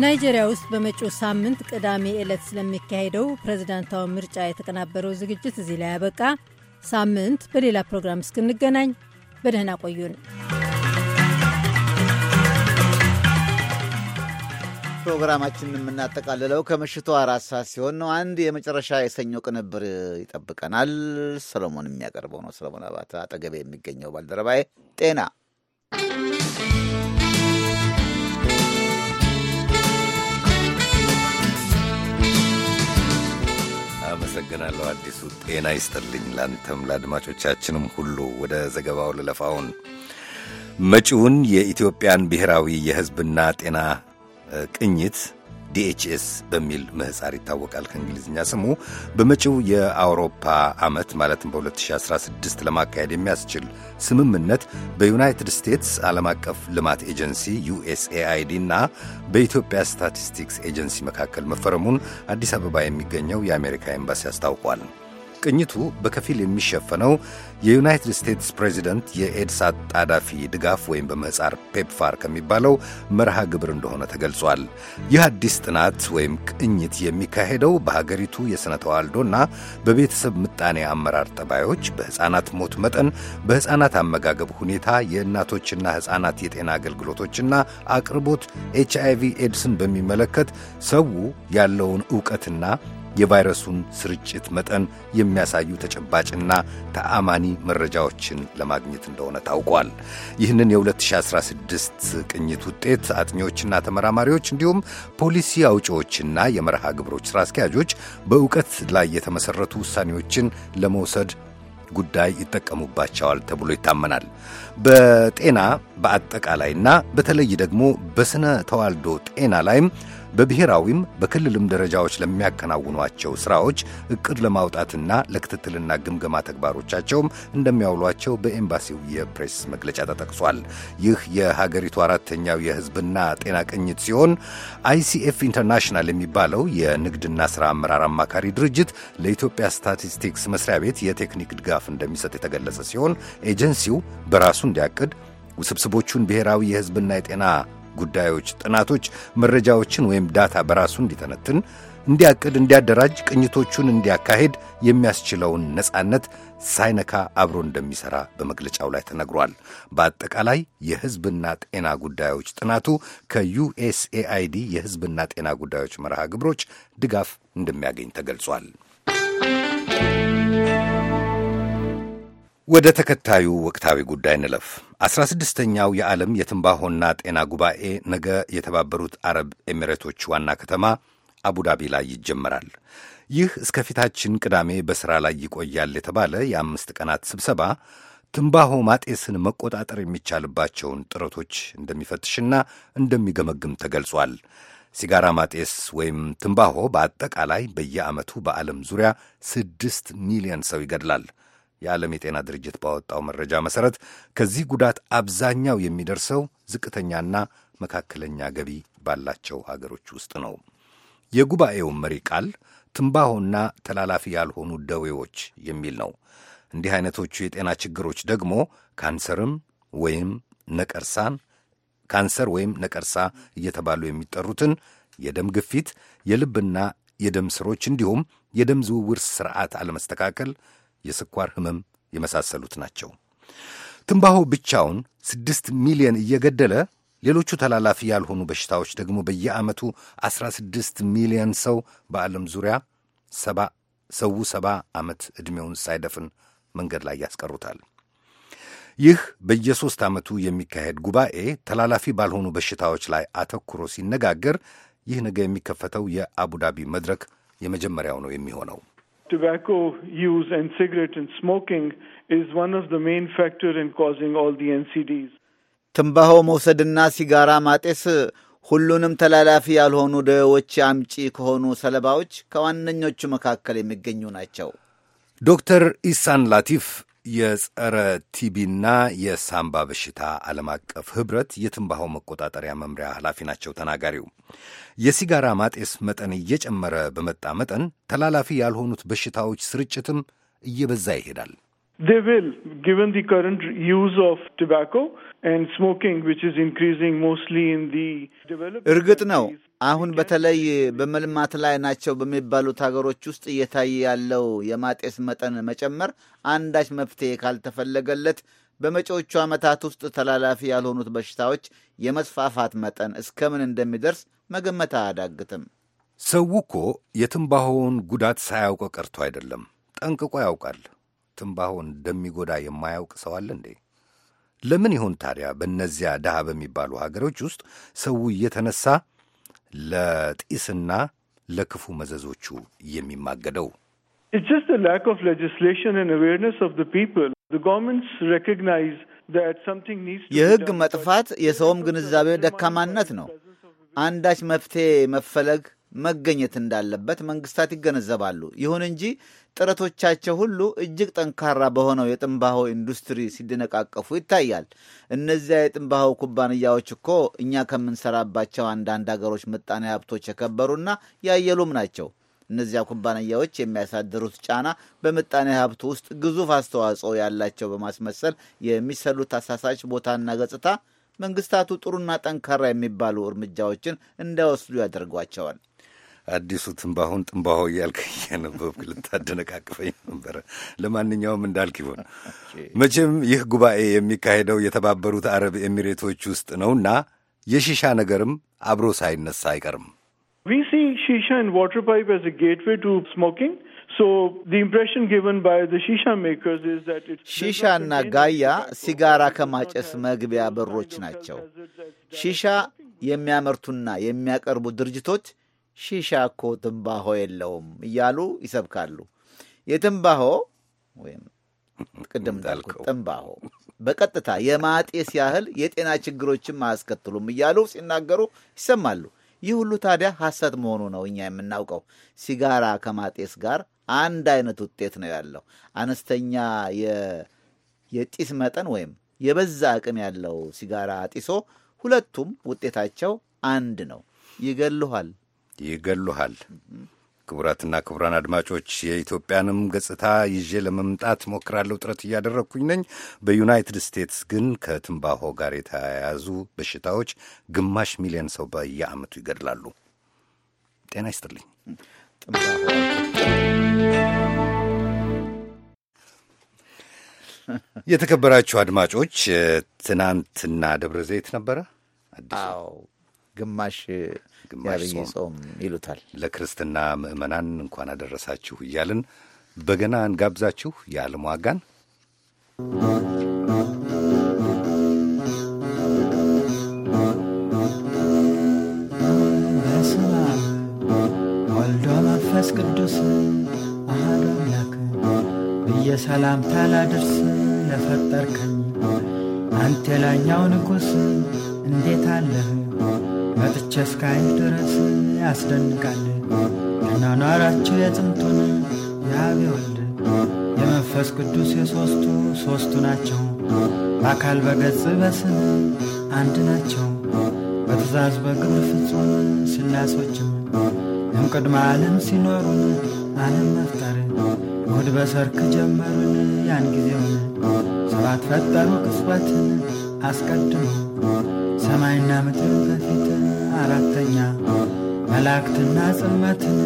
ናይጄሪያ ውስጥ በመጪው ሳምንት ቅዳሜ ዕለት ስለሚካሄደው ፕሬዝዳንታዊ ምርጫ የተቀናበረው ዝግጅት እዚህ ላይ ያበቃ። ሳምንት በሌላ ፕሮግራም እስክንገናኝ በደህና ቆዩን። ፕሮግራማችንን የምናጠቃልለው ከምሽቱ አራት ሰዓት ሲሆን ነው። አንድ የመጨረሻ የሰኞ ቅንብር ይጠብቀናል። ሰሎሞን የሚያቀርበው ነው። ሰሎሞን አባተ አጠገቤ የሚገኘው ባልደረባዬ ጤና አመሰግናለሁ አዲሱ። ጤና ይስጥልኝ ላንተም ለአድማጮቻችንም ሁሉ። ወደ ዘገባው ልለፋውን መጪውን የኢትዮጵያን ብሔራዊ የሕዝብና ጤና ቅኝት ዲኤችኤስ በሚል ምህፃር ይታወቃል ከእንግሊዝኛ ስሙ በመጪው የአውሮፓ ዓመት ማለትም በ2016 ለማካሄድ የሚያስችል ስምምነት በዩናይትድ ስቴትስ ዓለም አቀፍ ልማት ኤጀንሲ ዩኤስኤአይዲ እና በኢትዮጵያ ስታቲስቲክስ ኤጀንሲ መካከል መፈረሙን አዲስ አበባ የሚገኘው የአሜሪካ ኤምባሲ አስታውቋል። ቅኝቱ በከፊል የሚሸፈነው የዩናይትድ ስቴትስ ፕሬዚደንት የኤድስ አጣዳፊ ድጋፍ ወይም በምህፃር ፔፕፋር ከሚባለው መርሃ ግብር እንደሆነ ተገልጿል። ይህ አዲስ ጥናት ወይም ቅኝት የሚካሄደው በሀገሪቱ የሥነ ተዋልዶና በቤተሰብ ምጣኔ አመራር ጠባዮች፣ በሕፃናት ሞት መጠን፣ በሕፃናት አመጋገብ ሁኔታ፣ የእናቶችና ሕፃናት የጤና አገልግሎቶችና አቅርቦት፣ ኤች ኤድስን በሚመለከት ሰው ያለውን ዕውቀትና የቫይረሱን ስርጭት መጠን የሚያሳዩ ተጨባጭና ተአማኒ መረጃዎችን ለማግኘት እንደሆነ ታውቋል። ይህንን የ2016 ቅኝት ውጤት አጥኚዎችና ተመራማሪዎች እንዲሁም ፖሊሲ አውጪዎችና የመርሃ ግብሮች ሥራ አስኪያጆች በእውቀት ላይ የተመሠረቱ ውሳኔዎችን ለመውሰድ ጉዳይ ይጠቀሙባቸዋል ተብሎ ይታመናል። በጤና በአጠቃላይና በተለይ ደግሞ በሥነ ተዋልዶ ጤና ላይም በብሔራዊም በክልልም ደረጃዎች ለሚያከናውኗቸው ሥራዎች እቅድ ለማውጣትና ለክትትልና ግምገማ ተግባሮቻቸውም እንደሚያውሏቸው በኤምባሲው የፕሬስ መግለጫ ተጠቅሷል። ይህ የሀገሪቱ አራተኛው የሕዝብና ጤና ቅኝት ሲሆን አይሲኤፍ ኢንተርናሽናል የሚባለው የንግድና ሥራ አመራር አማካሪ ድርጅት ለኢትዮጵያ ስታቲስቲክስ መስሪያ ቤት የቴክኒክ ድጋፍ እንደሚሰጥ የተገለጸ ሲሆን ኤጀንሲው በራሱ እንዲያቅድ ውስብስቦቹን ብሔራዊ የሕዝብና የጤና ጉዳዮች ጥናቶች፣ መረጃዎችን ወይም ዳታ በራሱ እንዲተነትን፣ እንዲያቅድ፣ እንዲያደራጅ፣ ቅኝቶቹን እንዲያካሄድ የሚያስችለውን ነጻነት ሳይነካ አብሮ እንደሚሠራ በመግለጫው ላይ ተነግሯል። በአጠቃላይ የሕዝብና ጤና ጉዳዮች ጥናቱ ከዩኤስኤአይዲ የሕዝብና ጤና ጉዳዮች መርሃ ግብሮች ድጋፍ እንደሚያገኝ ተገልጿል። ወደ ተከታዩ ወቅታዊ ጉዳይ ንለፍ። አስራ ስድስተኛው የዓለም የትንባሆና ጤና ጉባኤ ነገ የተባበሩት አረብ ኤሚሬቶች ዋና ከተማ አቡዳቢ ላይ ይጀመራል። ይህ እስከ ፊታችን ቅዳሜ በሥራ ላይ ይቆያል የተባለ የአምስት ቀናት ስብሰባ ትንባሆ ማጤስን መቆጣጠር የሚቻልባቸውን ጥረቶች እንደሚፈትሽና እንደሚገመግም ተገልጿል። ሲጋራ ማጤስ ወይም ትንባሆ በአጠቃላይ በየዓመቱ በዓለም ዙሪያ ስድስት ሚሊዮን ሰው ይገድላል። የዓለም የጤና ድርጅት ባወጣው መረጃ መሠረት ከዚህ ጉዳት አብዛኛው የሚደርሰው ዝቅተኛና መካከለኛ ገቢ ባላቸው ሀገሮች ውስጥ ነው። የጉባኤው መሪ ቃል ትንባሆና ተላላፊ ያልሆኑ ደዌዎች የሚል ነው። እንዲህ አይነቶቹ የጤና ችግሮች ደግሞ ካንሰርም ወይም ነቀርሳን ካንሰር ወይም ነቀርሳ እየተባሉ የሚጠሩትን የደም ግፊት፣ የልብና የደም ስሮች እንዲሁም የደም ዝውውር ስርዓት አለመስተካከል፣ የስኳር ህመም የመሳሰሉት ናቸው። ትንባሆ ብቻውን ስድስት ሚሊዮን እየገደለ ሌሎቹ ተላላፊ ያልሆኑ በሽታዎች ደግሞ በየዓመቱ 16 ሚሊዮን ሰው በዓለም ዙሪያ ሰው ሰባ ዓመት ዕድሜውን ሳይደፍን መንገድ ላይ ያስቀሩታል። ይህ በየሦስት ዓመቱ የሚካሄድ ጉባኤ ተላላፊ ባልሆኑ በሽታዎች ላይ አተኩሮ ሲነጋገር ይህ ነገ የሚከፈተው የአቡዳቢ መድረክ የመጀመሪያው ነው የሚሆነው። tobacco use and cigarette and smoking is one of the main factor in causing all the NCDs. ትንባሆ መውሰድና ሲጋራ ማጤስ ሁሉንም ተላላፊ ያልሆኑ ደዌዎች አምጪ ከሆኑ ሰለባዎች ከዋነኞቹ መካከል የሚገኙ ናቸው። ዶክተር ኢሳን ላቲፍ የጸረ ቲቢና የሳምባ በሽታ ዓለም አቀፍ ኅብረት የትንባሆ መቆጣጠሪያ መምሪያ ኃላፊ ናቸው። ተናጋሪው የሲጋራ ማጤስ መጠን እየጨመረ በመጣ መጠን ተላላፊ ያልሆኑት በሽታዎች ስርጭትም እየበዛ ይሄዳል። ል ዩዝ ኦፍ ቶባኮ ኤንድ ስሞኪንግ ዊች እርግጥ ነው አሁን በተለይ በመልማት ላይ ናቸው በሚባሉት ሀገሮች ውስጥ እየታየ ያለው የማጤስ መጠን መጨመር አንዳች መፍትሄ ካልተፈለገለት በመጪዎቹ ዓመታት ውስጥ ተላላፊ ያልሆኑት በሽታዎች የመስፋፋት መጠን እስከምን እንደሚደርስ መገመት አያዳግትም። ሰው እኮ የትንባሆውን ጉዳት ሳያውቅ ቀርቶ አይደለም፣ ጠንቅቆ ያውቃል። ትንባሆ እንደሚጎዳ የማያውቅ ሰው አለ እንዴ? ለምን ይሆን ታዲያ በእነዚያ ድሃ በሚባሉ ሀገሮች ውስጥ ሰው እየተነሳ ለጢስና ለክፉ መዘዞቹ የሚማገደው። የሕግ መጥፋት የሰውም ግንዛቤ ደካማነት ነው። አንዳች መፍትሄ መፈለግ መገኘት እንዳለበት መንግስታት ይገነዘባሉ። ይሁን እንጂ ጥረቶቻቸው ሁሉ እጅግ ጠንካራ በሆነው የትንባሆ ኢንዱስትሪ ሲደነቃቀፉ ይታያል። እነዚያ የትንባሆ ኩባንያዎች እኮ እኛ ከምንሰራባቸው አንዳንድ አገሮች ምጣኔ ሀብቶች የከበሩና ያየሉም ናቸው። እነዚያ ኩባንያዎች የሚያሳድሩት ጫና በምጣኔ ሀብቱ ውስጥ ግዙፍ አስተዋጽኦ ያላቸው በማስመሰል የሚሰሉት አሳሳች ቦታና ገጽታ መንግስታቱ ጥሩና ጠንካራ የሚባሉ እርምጃዎችን እንዳይወስዱ ያደርጓቸዋል። አዲሱ ትንባሁን ጥንባሆ እያልክ እያነበብክ ልታደነቃቅፈኝ ነበረ። ለማንኛውም እንዳልክ ይሆን። መቼም ይህ ጉባኤ የሚካሄደው የተባበሩት አረብ ኤሚሬቶች ውስጥ ነውና የሺሻ ነገርም አብሮ ሳይነሳ አይቀርም። ሺሻና ጋያ ሲጋራ ከማጨስ መግቢያ በሮች ናቸው። ሺሻ የሚያመርቱና የሚያቀርቡ ድርጅቶች ሺሻ እኮ ትንባሆ የለውም እያሉ ይሰብካሉ። የትንባሆ ወይም ቅድም እንዳልኩት ትንባሆ በቀጥታ የማጤስ ያህል የጤና ችግሮችን አያስከትሉም እያሉ ሲናገሩ ይሰማሉ። ይህ ሁሉ ታዲያ ሐሰት መሆኑ ነው እኛ የምናውቀው። ሲጋራ ከማጤስ ጋር አንድ አይነት ውጤት ነው ያለው። አነስተኛ የጢስ መጠን ወይም የበዛ አቅም ያለው ሲጋራ አጢሶ ሁለቱም ውጤታቸው አንድ ነው፣ ይገልኋል ይገሉሃል። ክቡራትና ክቡራን አድማጮች የኢትዮጵያንም ገጽታ ይዤ ለመምጣት ሞክራለሁ፣ ጥረት እያደረግኩኝ ነኝ። በዩናይትድ ስቴትስ ግን ከትንባሆ ጋር የተያያዙ በሽታዎች ግማሽ ሚሊዮን ሰው በየዓመቱ ይገድላሉ። ጤና ይስጥልኝ። የተከበራችሁ አድማጮች ትናንትና ደብረ ዘይት ነበረ። አዎ ግማሽ ግማሽ ጾም ይሉታል። ለክርስትና ምእመናን እንኳን አደረሳችሁ እያልን በገና እንጋብዛችሁ የዓለም ዋጋን ወልዶ መንፈስ ቅዱስ አሐዱ አምላክ ብዬ ሰላምታ ላድርስ ለፈጠርከኝ አንተ የላይኛው ንጉሥ እንዴት አለህ? መጥቼ እስካይህ ድረስ ያስደንቃል አኗኗራቸው የጥንቱን የአብ ወልድ የመንፈስ ቅዱስ የሦስቱ ሦስቱ ናቸው። በአካል በገጽ በስም አንድ ናቸው። በትእዛዝ በግብር ፍጹም ሥላሶችም እም ቅድመ ዓለም ሲኖሩን ዓለም መፍጠር እሁድ በሰርክ ጀመሩን ያን ጊዜውን ሰባት ፈጠሩ ቅጽበትን አስቀድሞ ሰማይና ምድር በፊት አራተኛ መላእክትና ጽልመትን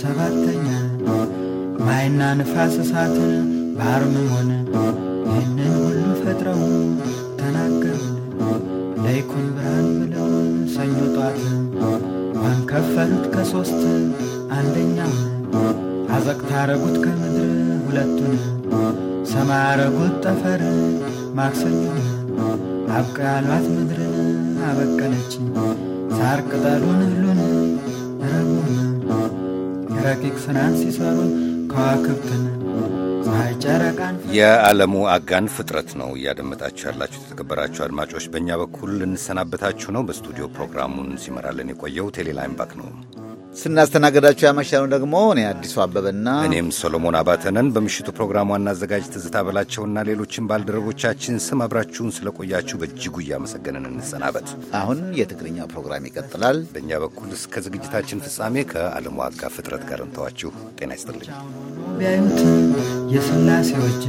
ሰባተኛ ማይና ንፋስ እሳትን በአርምሞን ይህንን ሁሉ ፈጥረው ተናገሩን ለይኩን ብርሃን ብለው ሰኞ ጧት ከፈሉት ከሦስት አንደኛውን አዘቅታ አረጉት ከምድር ሁለቱን ሰማይ አረጉት ጠፈር ማክሰኞን አብቀ ያሏት ምድርን አበቀለች ሳር ቅጠሉን ረቡን ረቂቅ ስራን ሲሰሩ ከዋክብትን የዓለሙ አጋን ፍጥረት ነው እያደመጣችሁ ያላችሁ የተከበራችሁ አድማጮች። በእኛ በኩል ልንሰናበታችሁ ነው። በስቱዲዮ ፕሮግራሙን ሲመራልን የቆየው ቴሌላይምባክ ነው። ስናስተናገዳቸው ያመሸነው ደግሞ እኔ አዲሱ አበበና እኔም ሰሎሞን አባተነን። በምሽቱ ፕሮግራም ዋና አዘጋጅ ትዝታ በላቸውና ሌሎችን ባልደረቦቻችን ስም አብራችሁን ስለቆያችሁ በእጅጉ እያመሰገንን እንሰናበት። አሁን የትግርኛ ፕሮግራም ይቀጥላል። በእኛ በኩል እስከ ዝግጅታችን ፍጻሜ ከዓለሙ አጋ ፍጥረት ጋር እንተዋችሁ። ጤና ይስጥልኝ። ቢያዩት የስላሴዎች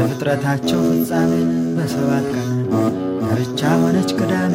የፍጥረታቸው ፍጻሜ በሰባት ቀን ርቻ ሆነች ቅዳሜ